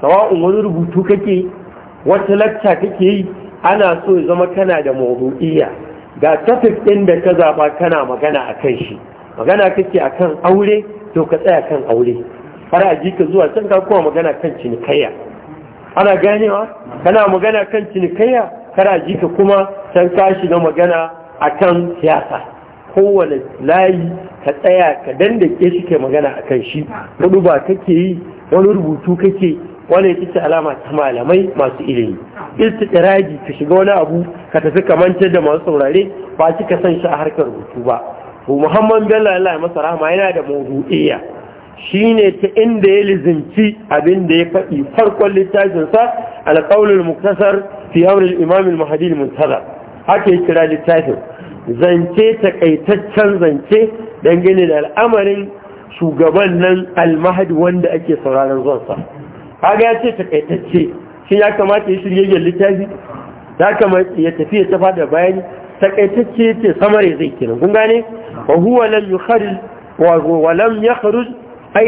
sawa'un wani rubutu kake wata lacca kake yi ana so ya zama kana da mawdu'iyya ga topic ɗin da ka zaba kana magana a shi magana kake a kan aure to ka tsaya kan aure har a ka zuwa can ka kuma magana kan cinikayya ana ganewa kana magana kan cinikayya kar a ka kuma can ka shiga magana a kan siyasa kowane layi ka tsaya ka dandake shi ke magana kan shi hudu ba kake yi wani rubutu kake wani ita alama ta malamai masu ilimi istiqraji ka shiga wani abu ka tafi ka manta da masu saurare ba shi ka san shi a harkar rubutu ba to Muhammadu bello Allah ya masa rahama yana da Shi shine ta inda ya lizinci abin da ya faɗi farkon littafinsa alƙawlul muktasar fi amrul imam al haka ya kira littafin zance takaitaccen zance dangane da al'amarin shugaban nan almahadi wanda ake sauraron zonsa haka ya ce takaitacce shi ya kamata ya shirye littafi ya kamata ya tafi ya tafa da bayani takaitacce ya ce samare zai kiran kun gane wa huwa lam yukharij wa lam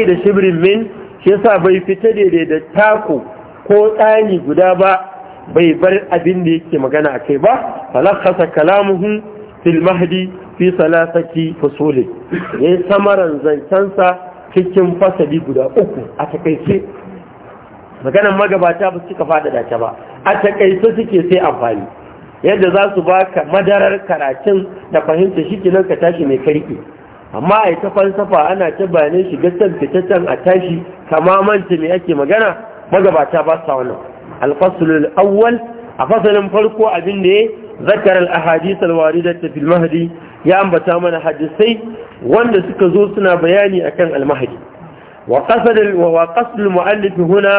da shibrin min shi yasa bai fita daidai da tako ko tsani guda ba bai bar abin da yake magana a kai ba falakasa kalamuhu fil mahdi fi salasati fasole ya yi samaran zancensa cikin fasali guda uku a takaice maganan magabata ba suka faɗaɗa ta ba a takaice suke sai amfani yadda za su baka madarar karatun da fahimta shi kinan ka tashi mai karfi amma a ta falsafa ana ta bayanin shiga can fitaccen a tashi kama manta me ake magana magabata ba sa wannan alfasulul awwal a fasalin farko abin da ya zakar al-ahadith al-warida fi al ya ambata mana hadisai wanda suka zo suna bayani akan al-mahdi wa qasad al-waqasd al-mu'allif huna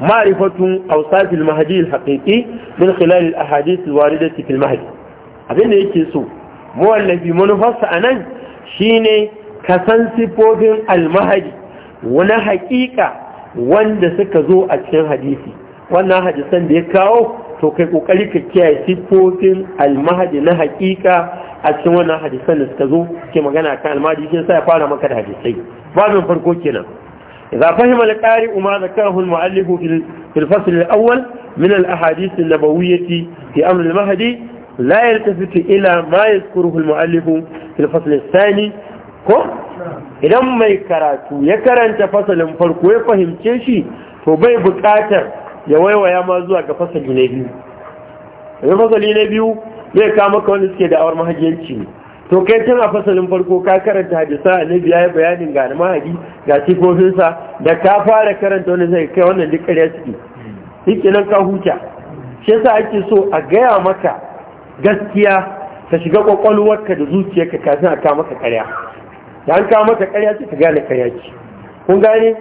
ma'rifatu awsaf al-mahdi al-haqiqi min khilal al-ahadith al-warida fi al abin da yake so muwallafi manufarsa anan shine kasan sifofin al-mahdi wani haƙiƙa wanda suka zo a cikin hadisi wannan hadisan da ya kawo to kai kokari ka kiyaye siffofin almahadi na hakika a cikin wannan hadisan da suka zo ke magana kan almahadi shi sai ya fara maka da hadisai babin farko kenan idza fahima al-qari ma zakarahu al-mu'allif fi al-fasl al-awwal min al-ahadith an-nabawiyyah fi amr al-mahdi la yaltafitu ila ma yadhkuruhu al-mu'allif fi al-fasl al-thani ko idan mai karatu ya karanta fasalin farko ya fahimce shi to bai buƙatar ya waiwaya ma zuwa ga fasali na biyu daga fasali na biyu zai kama ka wanda suke da'awar mahajiyanci ne to kai tun a fasalin farko ka karanta hadisa annabi ya bayanin ga na mahaji ga sifofinsa da ka fara karanta wani zai kai wannan duk ƙarya suke suke nan ka huta shi sa ake so a gaya maka gaskiya ka shiga kwakwalwarka da zuciyarka kafin a kama ka karya da an kama ka karya ce ka gane karya ce kun gane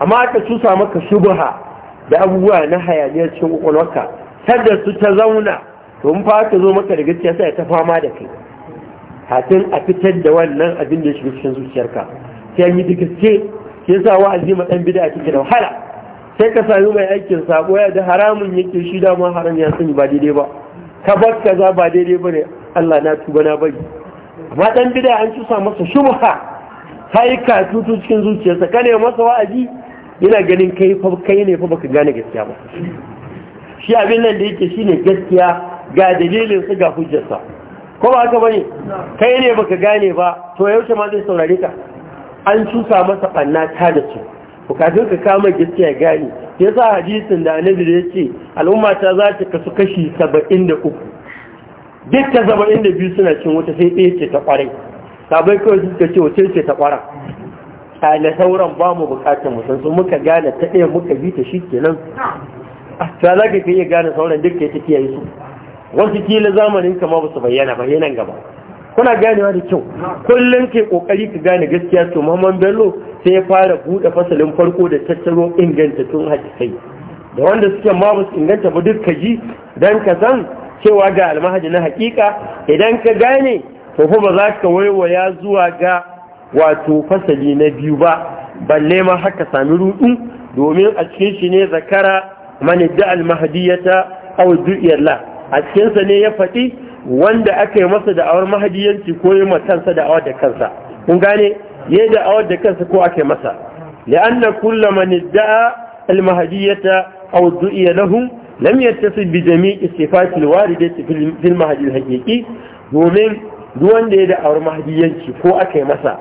amma aka cusa maka shubha da abubuwa na hayaniyar cikin kwakwalwarka sadda su ta zauna to mun fa ka zo maka da gaskiya sai ta fama da kai hatin a fitar da wannan abin da ya shiga cikin zuciyarka sai an yi duka ce ke sa wa'azi ma dan bid'a take da wahala sai ka sami mai aikin sabo ya da haramun yake shi da ma haram ya sani ba daidai ba ka bar kaza ba daidai ba ne, Allah na tuba na bari amma dan bid'a an cusa masa shubha kai ka tutu cikin zuciyarsa kane masa wa'azi yana ganin kai fa kai ne fa baka gane gaskiya ba shi abin nan da yake shine gaskiya ga dalilin su ga hujjarsa ko ba haka bane kai ne baka gane ba to yaushe ma zai saurare ka an cusa masa banna ta da su ku kafin ka kama gaskiya gani gane. sa hadisin da annabi da ya ce al'umma ta za ta kasu kashi saba'in da uku biyu suna cin wata sai ɗaya ce ta ƙwarai sabai kawai suka ce wace ce ta kwara na sauran ba mu bukatar mu muka gane ta ɗaya muka bi ta shi kenan ah, ta za ka iya gane sauran duk kai ta su wasu kila zamanin kama ba su bayyana ba nan gaba kuna ganewa da kyau kullum ke kokari ka gane gaskiya to Muhammad Bello sai ya fara buɗe fasalin farko da tattaro tun hadisai da wanda suke ma ba su inganta ba duk ka ji dan ka san cewa ga almahadi na hakika idan ka gane to ba za ka waiwaya zuwa ga wato fasali na biyu ba balle ma haka sami rudu domin a cikin shi ne zakara man idda al aw du'yalla a cikin sa ne ya faɗi wanda aka yi masa awar mahdiyanci ko yi matansa da'awar da kansa kun gane yayi awar da kansa ko aka yi masa la'anna kullu man idda al aw du'iya lahum lam yattasil bi jami'i sifatil waridati fil mahdi al domin duk wanda ya awar mahdiyanci ko aka yi masa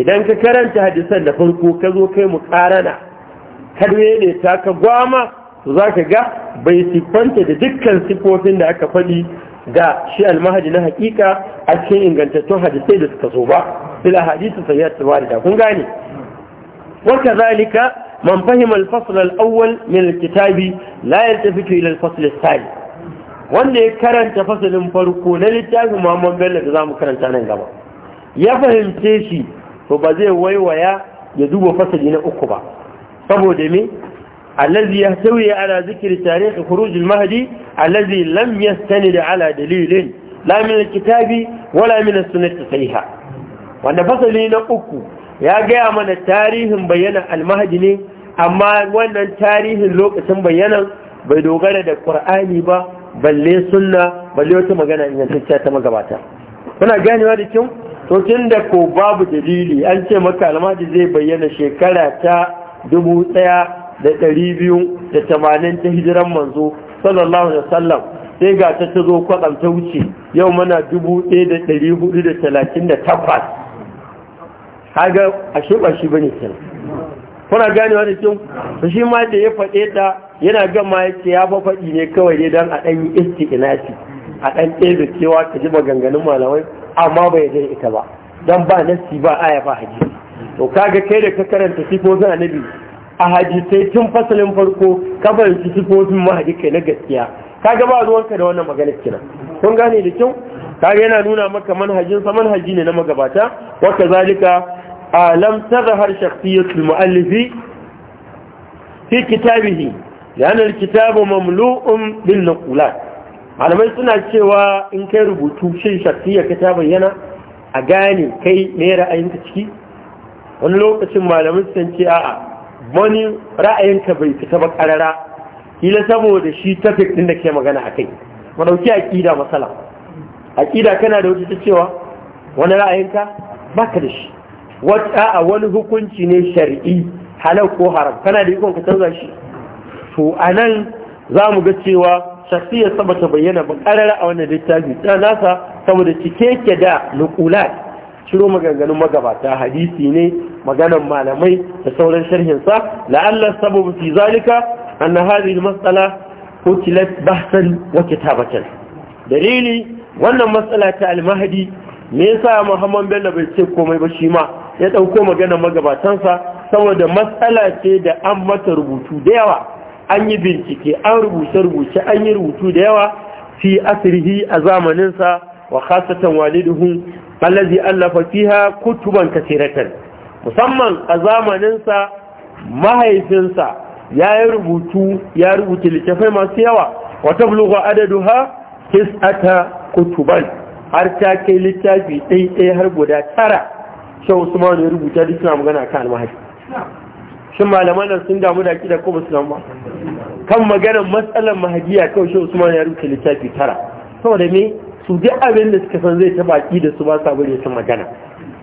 idan ka karanta hadisan da farko ka zo kai mu karana karye ne ta ka gwama to za ka ga bai siffanta da dukkan sifofin da aka faɗi ga shi almahadi na hakika a cikin ingantattun hadisai da suka zo ba ila hadisi sayyid da kun gane wa kazalika man fahima fasl al min al-kitabi la yaltafitu ila al-fasl al wanda ya karanta fasalin farko na littafin Muhammad Bello da zamu karanta nan gaba ya fahimce shi to ba zai waiwaya ya duba fasali na uku ba saboda me allazi yahtawi ala zikri tarikh khuruj al-mahdi allazi lam yastanid ala dalilin la min kitabi wala min as-sunnah sahiha wanda fasali na uku ya gaya mana tarihin bayyana al-mahdi ne amma wannan tarihin lokacin bayyana bai dogara da qur'ani ba balle sunna balle wata magana ingantacciya ta magabata kuna ganewa da kyau to tun da ko babu dalili an ce maka almadi zai bayyana shekara ta dubu tsaya da ɗari biyu da tamanin ta hijiran manzo sallallahu alaihi wasallam sai ga ta ta zo kwaɗam ta wuce yau mana dubu ɗaya da ɗari hudu da talatin da takwas haga a shiɓa shi bane kenan kuna ganewa da kin shi ma da ya faɗe ta yana gama ya ce ya ba faɗi ne kawai ne don a ɗan yi a ɗan ɗaya da cewa ka ji maganganun malamai amma bai yarda da ita ba dan ba nasi ba aya ba hadisi to kaga kai da ka karanta sifofin annabi a hadisai tun fasalin farko ka fahimci sifofin mahadi kai na gaskiya kaga ba ruwanka da wannan magana kina kun gane da kyau kaga yana nuna maka manhajin sa manhaji ne na magabata wa zalika alam tazhar shakhsiyatul muallifi fi kitabihi لأن الكتاب مملوء بالنقولات malamai suna cewa in kai rubutu shin shakhsiyar ka ta bayyana a gane kai ne ra'ayinka ciki wani lokacin malamai sun ce a'a wani ra'ayinka bai fita ba karara ila saboda shi tafik din da ke magana a kai mu dauki aqida masala aqida kana da wata cewa wani ra'ayinka ka da shi wata a wani hukunci ne shari'i halal ko haram kana da ikon ka canza shi to anan za mu ga cewa shafiyar sama ta bayyana ba karara a wannan littafi da nasa saboda cike ke da nuqulat ciro maganganun magabata hadisi ne maganan malamai da sauran sharhin sa la'alla sababu fi zalika anna hadhihi masala kutilat bahsan wa kitabatan dalili wannan matsala ta al-mahdi me yasa Muhammad Bello bai ce komai ba shi ma ya dauko maganar magabatansa saboda matsala ce da an mata rubutu da yawa an yi bincike an rubuce-rubuce an yi rubutu da yawa fi asirhi a zamaninsa wa khasatan waliduhu allazi allafa fiha kutuban kasiratan musamman a zamaninsa mahaifinsa ya yi rubutu ya rubuta littafai masu yawa wa tablugha adaduha tis'ata kutuban har ta kai littafi ɗaya har guda tara sha usman ya rubuta duk suna magana kan almahaifi shin malaman nan sun damu da aƙida ko su damu ba kan maganar matsalar mahajiya kawai shi usman ya rubuta littafi tara saboda me su duk abin da suka san zai ta baki da su ba sa bari ta magana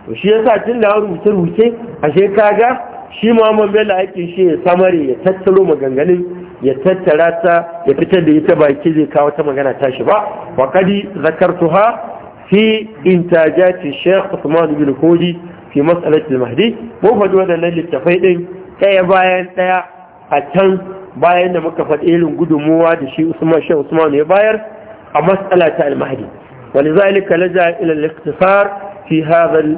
to shi yasa tun da rubuce rubuce ashe kaga shi Muhammad Bello aikin shi ya samare ya tattaro maganganun ya tattara ta ya fitar da ita ba baki zai kawo ta magana tashi ba wa kadi zakartuha fi intajati Sheikh Usman bin Kodi fi mas'alati al-Mahdi mu faɗi wadannan littafai din ɗaya bayan ɗaya a can bayan da muka faɗi irin gudunmuwa da shi usman shan usman ya bayar a matsala ta almahdi wani zalika laja ila al fi hadha al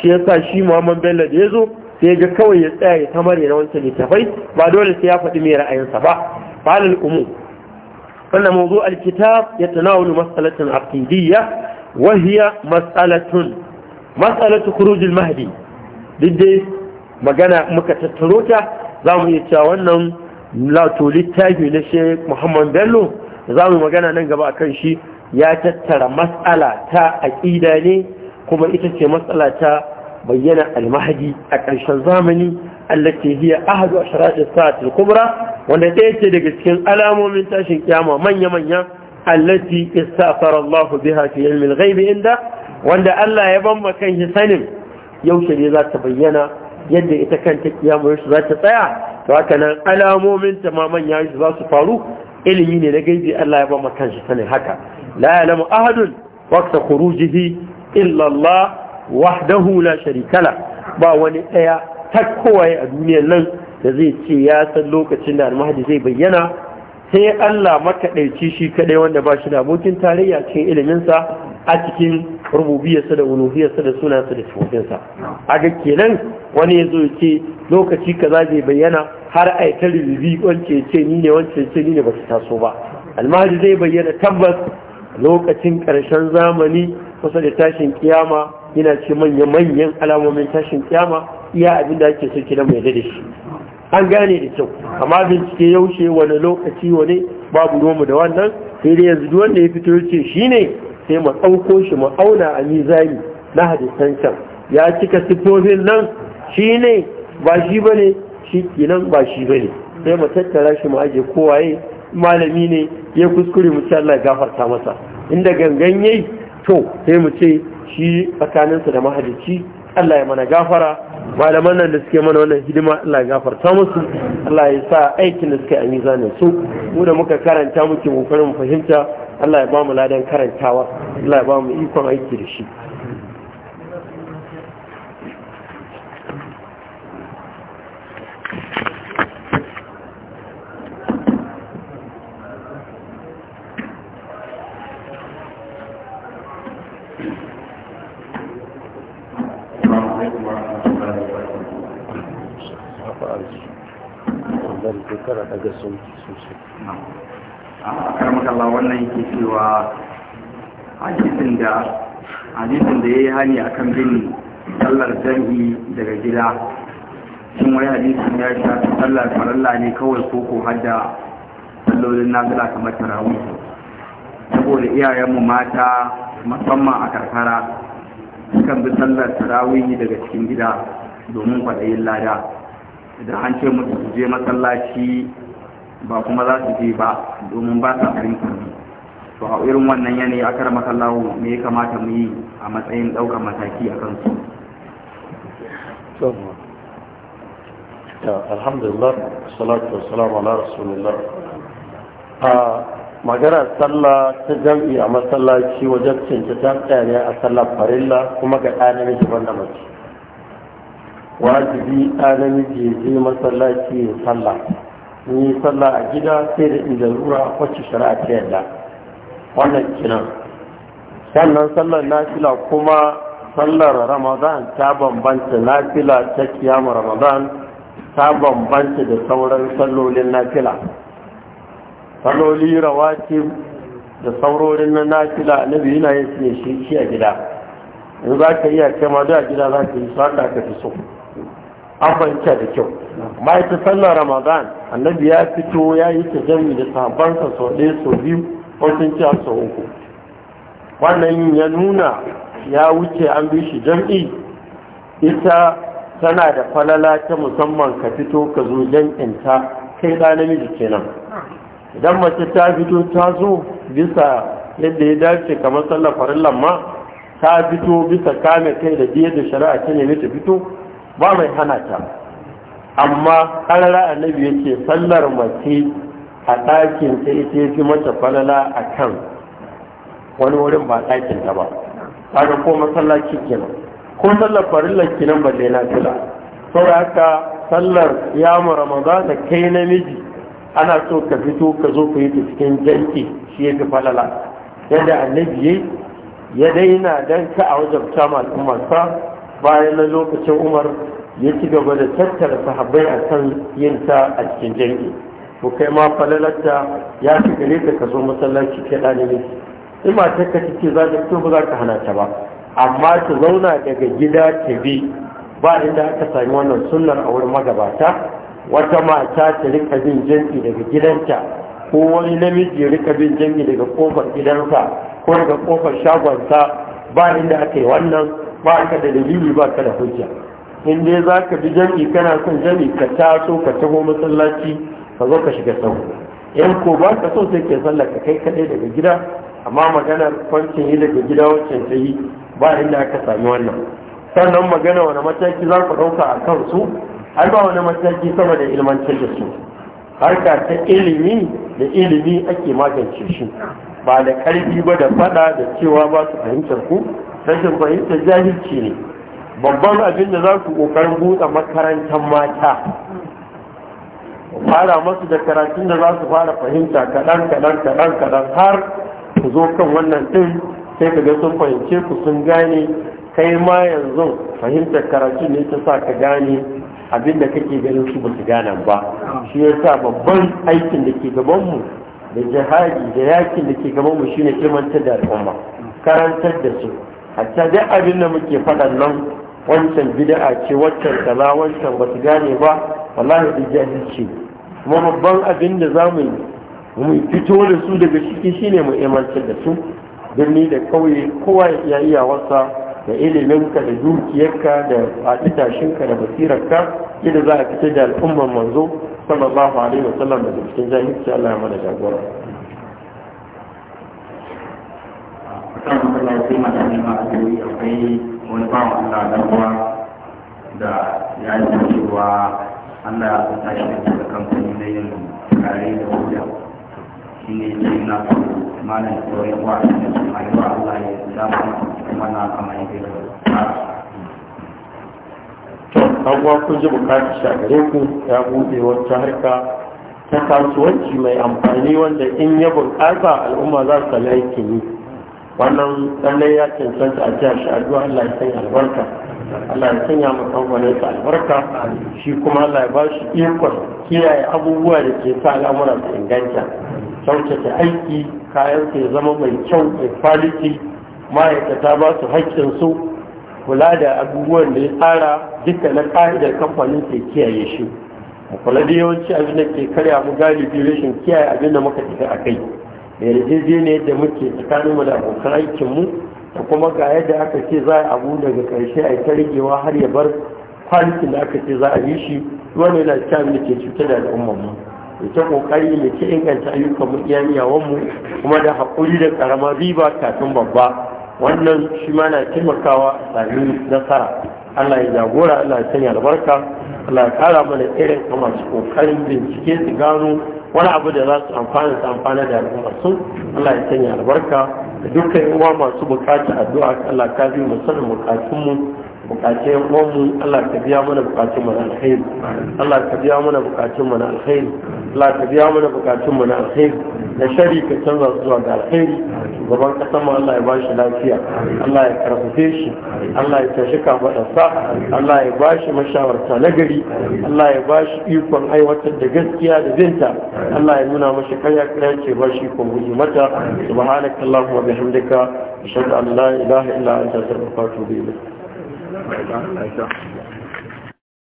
shi yasa shi Muhammad Bello da ya zo, sai ga kawai ya tsaya ya tamare na wancan littafai ba dole sai ya faɗi mai ra'ayinsa ba falal umu wannan mawzu al-kitab yatanawalu mas'alatan aqidiyya wahiya hiya mas'alatun mas'alatu khuruj al-mahdi magana muka tattaro ta za mu iya cewa wannan lato littafi na shi muhammad bello za mu magana nan gaba akan shi ya tattara matsala ta aƙida ne kuma ita ce matsala ta bayyana almahadi a ƙarshen zamani allati hiya ahadu asharati sa'atil kubra wanda ɗaya ce daga cikin alamomin tashin kyama manya manya allati istafara Allah biha fi ilmi ghaibi inda wanda Allah ya bamma kan sanin yaushe ne za ta bayyana yadda ita kanta kiyamar su za ta tsaya to haka nan alamomin ta ma manya su za su faru ilimi ne na gaibi Allah ya ba mu kanshi sanin haka la ya'lamu ahadun waqta khurujihi illa Allah wahdahu la sharika la ba wani daya kowaye a duniyar nan da zai ce ya san lokacin da almahdi zai bayyana sai Allah makaɗaici shi kaɗai wanda ba shi da abokin tarayya cikin iliminsa a cikin rububiyarsa da wulufiyarsa da sunansa da sifofinsa a ga kenan wani ya zo ce lokaci kaza bai bayyana har a ta rububi wance ya ce ni ne wance ce ni ne ba su taso ba almahadi zai bayyana tabbas lokacin karshen zamani kusa da tashin kiyama yana ce manya-manyan alamomin tashin kiyama iya abin da ake so kira mai da shi an gane da kyau amma bincike yaushe wani lokaci wani babu romu da wannan sai dai yanzu duk wanda ya fito ya ce shi ne sai mu ɗauko shi mu auna a mizani na hadisan can ya cika sifofin nan shi ne ba shi ba ne shi kinan ba shi ba ne sai mu tattara shi mu aje kowaye malami ne ya kuskure mu ce Allah gafarta masa inda gangan yayi to sai mu ce shi tsakaninsa da mahalici Allah ya mana gafara malaman nan da suke mana wannan hidima Allah ya gafarta musu Allah ya sa aikin da suke a mizanin su mu da muka karanta muke kokarin mu fahimta Allah ya ba mu ladan karantawa Allah ya ba mu ikon aiki da shi you. a wannan yake cewa hadisin da ya yi hani a kan bin sallar jami'i daga gida shin wani hadisin ya shafi sallar faralla ne kawai koko hada hadda sallolin nazila kamar tarawu saboda iyayenmu mata musamman a karkara sukan bi sallar tarawih daga cikin gida domin kwaɗayin lada idan an ce mutu su je masallaci ba kuma za su je ba domin ba sa farin su to a irin wannan yanayi a kar makallahu me ya kamata mu yi a matsayin ɗaukar mataki a kansu alhamdulillah salatu wassalamu ala a magana sallah ta jam'i a masallaci wajen cinta ta ne a sallar farilla kuma ga ɗanin shi wanda mace wajibi ɗanin je masallaci ya sallah yi sallah a gida sai da rura wacce shari'a ta yadda wannan kinan sannan sallar nafila kuma sallar ramadan ta bambanta nafila ta kiyama ramadan ta bambanta da sauran sallolin nafila salloli rawatib da saurorin na nafila biyu yana yin su shi a gida in za ka iya kai ma da gida za ka yi sata ka fi so an fahimta da kyau ta sallar ramadan annabi ya fito ya yi ta jami da sahabbansa sau ɗaya sau biyu wasu cewa sau uku wannan ya nuna ya wuce an bi shi jam'i ita tana da falala ta musamman ka fito ka zo jam'inta kai ɗa namiji kenan idan mace ta fito ta zo bisa yadda ya dace kamar sallar farillan ma ta fito bisa kame kai da biyar da shari'a ta nemi ta fito ba mai hana ta amma karara annabi ya ce sallar mace a ɗakin ta ita fi mata falala a kan wani wurin ba ɗakin ta ba kaga ko masallaci kenan ko sallar farillar kenan ba dai na fila haka sallar yamu ramadan da kai namiji ana so ka fito ka zo ka yi ta cikin janki shi ya fi falala yadda annabi ya daina dan ka a wajabta masu sa bayan na lokacin umar ya ci gaba da tattara sahabbai a kan yin ta a cikin jami'i ko kai ma falalarta ya fi gare ka kaso masallaci kai ɗalibi in ma ta ka ce za ta fito ba za ka hana ta ba amma ta zauna daga gida ta bi ba inda aka sami wannan sunnar a wurin magabata wata mata ta rika bin jami'i daga gidanta ko wani namiji ya rika bin jami'i daga kofar gidansa ko daga kofar shagonsa ba inda aka yi wannan ba ka da dalili ba ka da hujja in dai za ka bi jam'i kana son jam'i ka taso ka taho masallaci ka zo ka shiga sahu in ko ba ka so sai ke sallar ka kai kaɗai daga gida amma maganar kwancin yi daga gida wancan ta yi ba inda aka sami wannan sannan magana wani mataki za ku ɗauka a kan su har ba wani mataki sama da ilmantar da su harka ta ilimi da ilimi ake magance shi ba da ƙarfi ba da faɗa da cewa ba su fahimtar ku rashin fahimtar jahilci ne babban abin da za su ƙoƙarin buɗe makarantar mata fara masu da karatun da za su fara fahimta kaɗan kaɗan kaɗan kaɗan har ku zo kan wannan ɗin sai ka ga sun fahimce ku sun gane kai ma yanzu fahimtar karatu ne ta sa ka gane abin da kake ganin su ba su gane ba shi ya sa babban aikin da ke gabanmu da jihadi da yakin da ke gabanmu shine ilmantar da al'umma karantar da su hatta dai abin da muke faɗan nan wancan bid'a ce wancan kaza wancan ba su gane ba wallahi duk ce kuma babban abin da za mu fito da su daga ciki shine mu imantar da su birni da kauye kowa ya iya wasa da iliminka da dukiyarka da faɗitashinka da basirarka yadda za a fitar da al'ummar manzo sallallahu alaihi wasallam da cikin jahilci Allah ya mana jagora kan matsala ya sai mata ma a gari akwai wani bawan Allah da kuwa da ya yi cewa Allah ya kusa shi daga kamfani na yin kare da wuya shi ne ce na malam tsoron yawa a cikin su mai wa Allah ya dama mana kama yi da kuwa kun ji bukatar shi a gare ku ya buɗe wata harka ta kasuwanci mai amfani wanda in ya bunƙasa al'umma za su kalli aikin yi wannan lallai ya cancanta a jiya shi addu'a Allah ya sanya albarka Allah ya sanya masa wani ta albarka shi kuma Allah ya ba shi ikon kiyaye abubuwa da ke sa al'amura su inganta kyautata aiki kayan su ya zama mai kyau mai kwaliti ma'aikata ba su haƙƙin su kula da abubuwan da ya tsara duka na ƙa'idar kamfanin ke kiyaye shi mu kula da yawanci abin da ke karya mu galibi rashin kiyaye abin da muka tafi a kai da yarjejeniyar da muke tsakanin mu da abokan aikin mu da kuma ga yadda aka ce za a abu daga karshe a ta rigewa har ya bar kwanakin da aka ce za a yi shi wani yana cikin da ke cuta da al'ummar mu da ta kokari mu ta inganta ayyukan mu iya miyawan mu kuma da haƙuri da karamar riba kafin babba wannan shi ma na taimakawa a sami nasara Allah ya jagora Allah ya sanya albarka Allah ya kara mana irin kamar su kokarin bincike su gano wani abu da za su amfana su amfana da al'umma sun Allah ya sanya albarka da dukkan uwa masu bukata addu'a Allah ka bi mu sanin bukatun mu bukace uwan mu Allah ka biya mana bukatun mu na alkhairi Allah ka biya mana bukatun mu na alkhairi Allah ka biya mana bukatun mu na alkhairi da shari ka canza zuwa ga alheri gaban kasan mu Allah ya ba shi lafiya Allah ya karfafe shi Allah ya tashi kafadarsa Allah ya ba shi mashawarta na gari Allah ya ba shi ikon aiwatar da gaskiya da binta Allah ya nuna mashi karya karya ce ba shi ikon guji mata subhanaka allahumma bihamdika ashhadu an la ilaha illa anta astaghfiruka wa atubu ilayk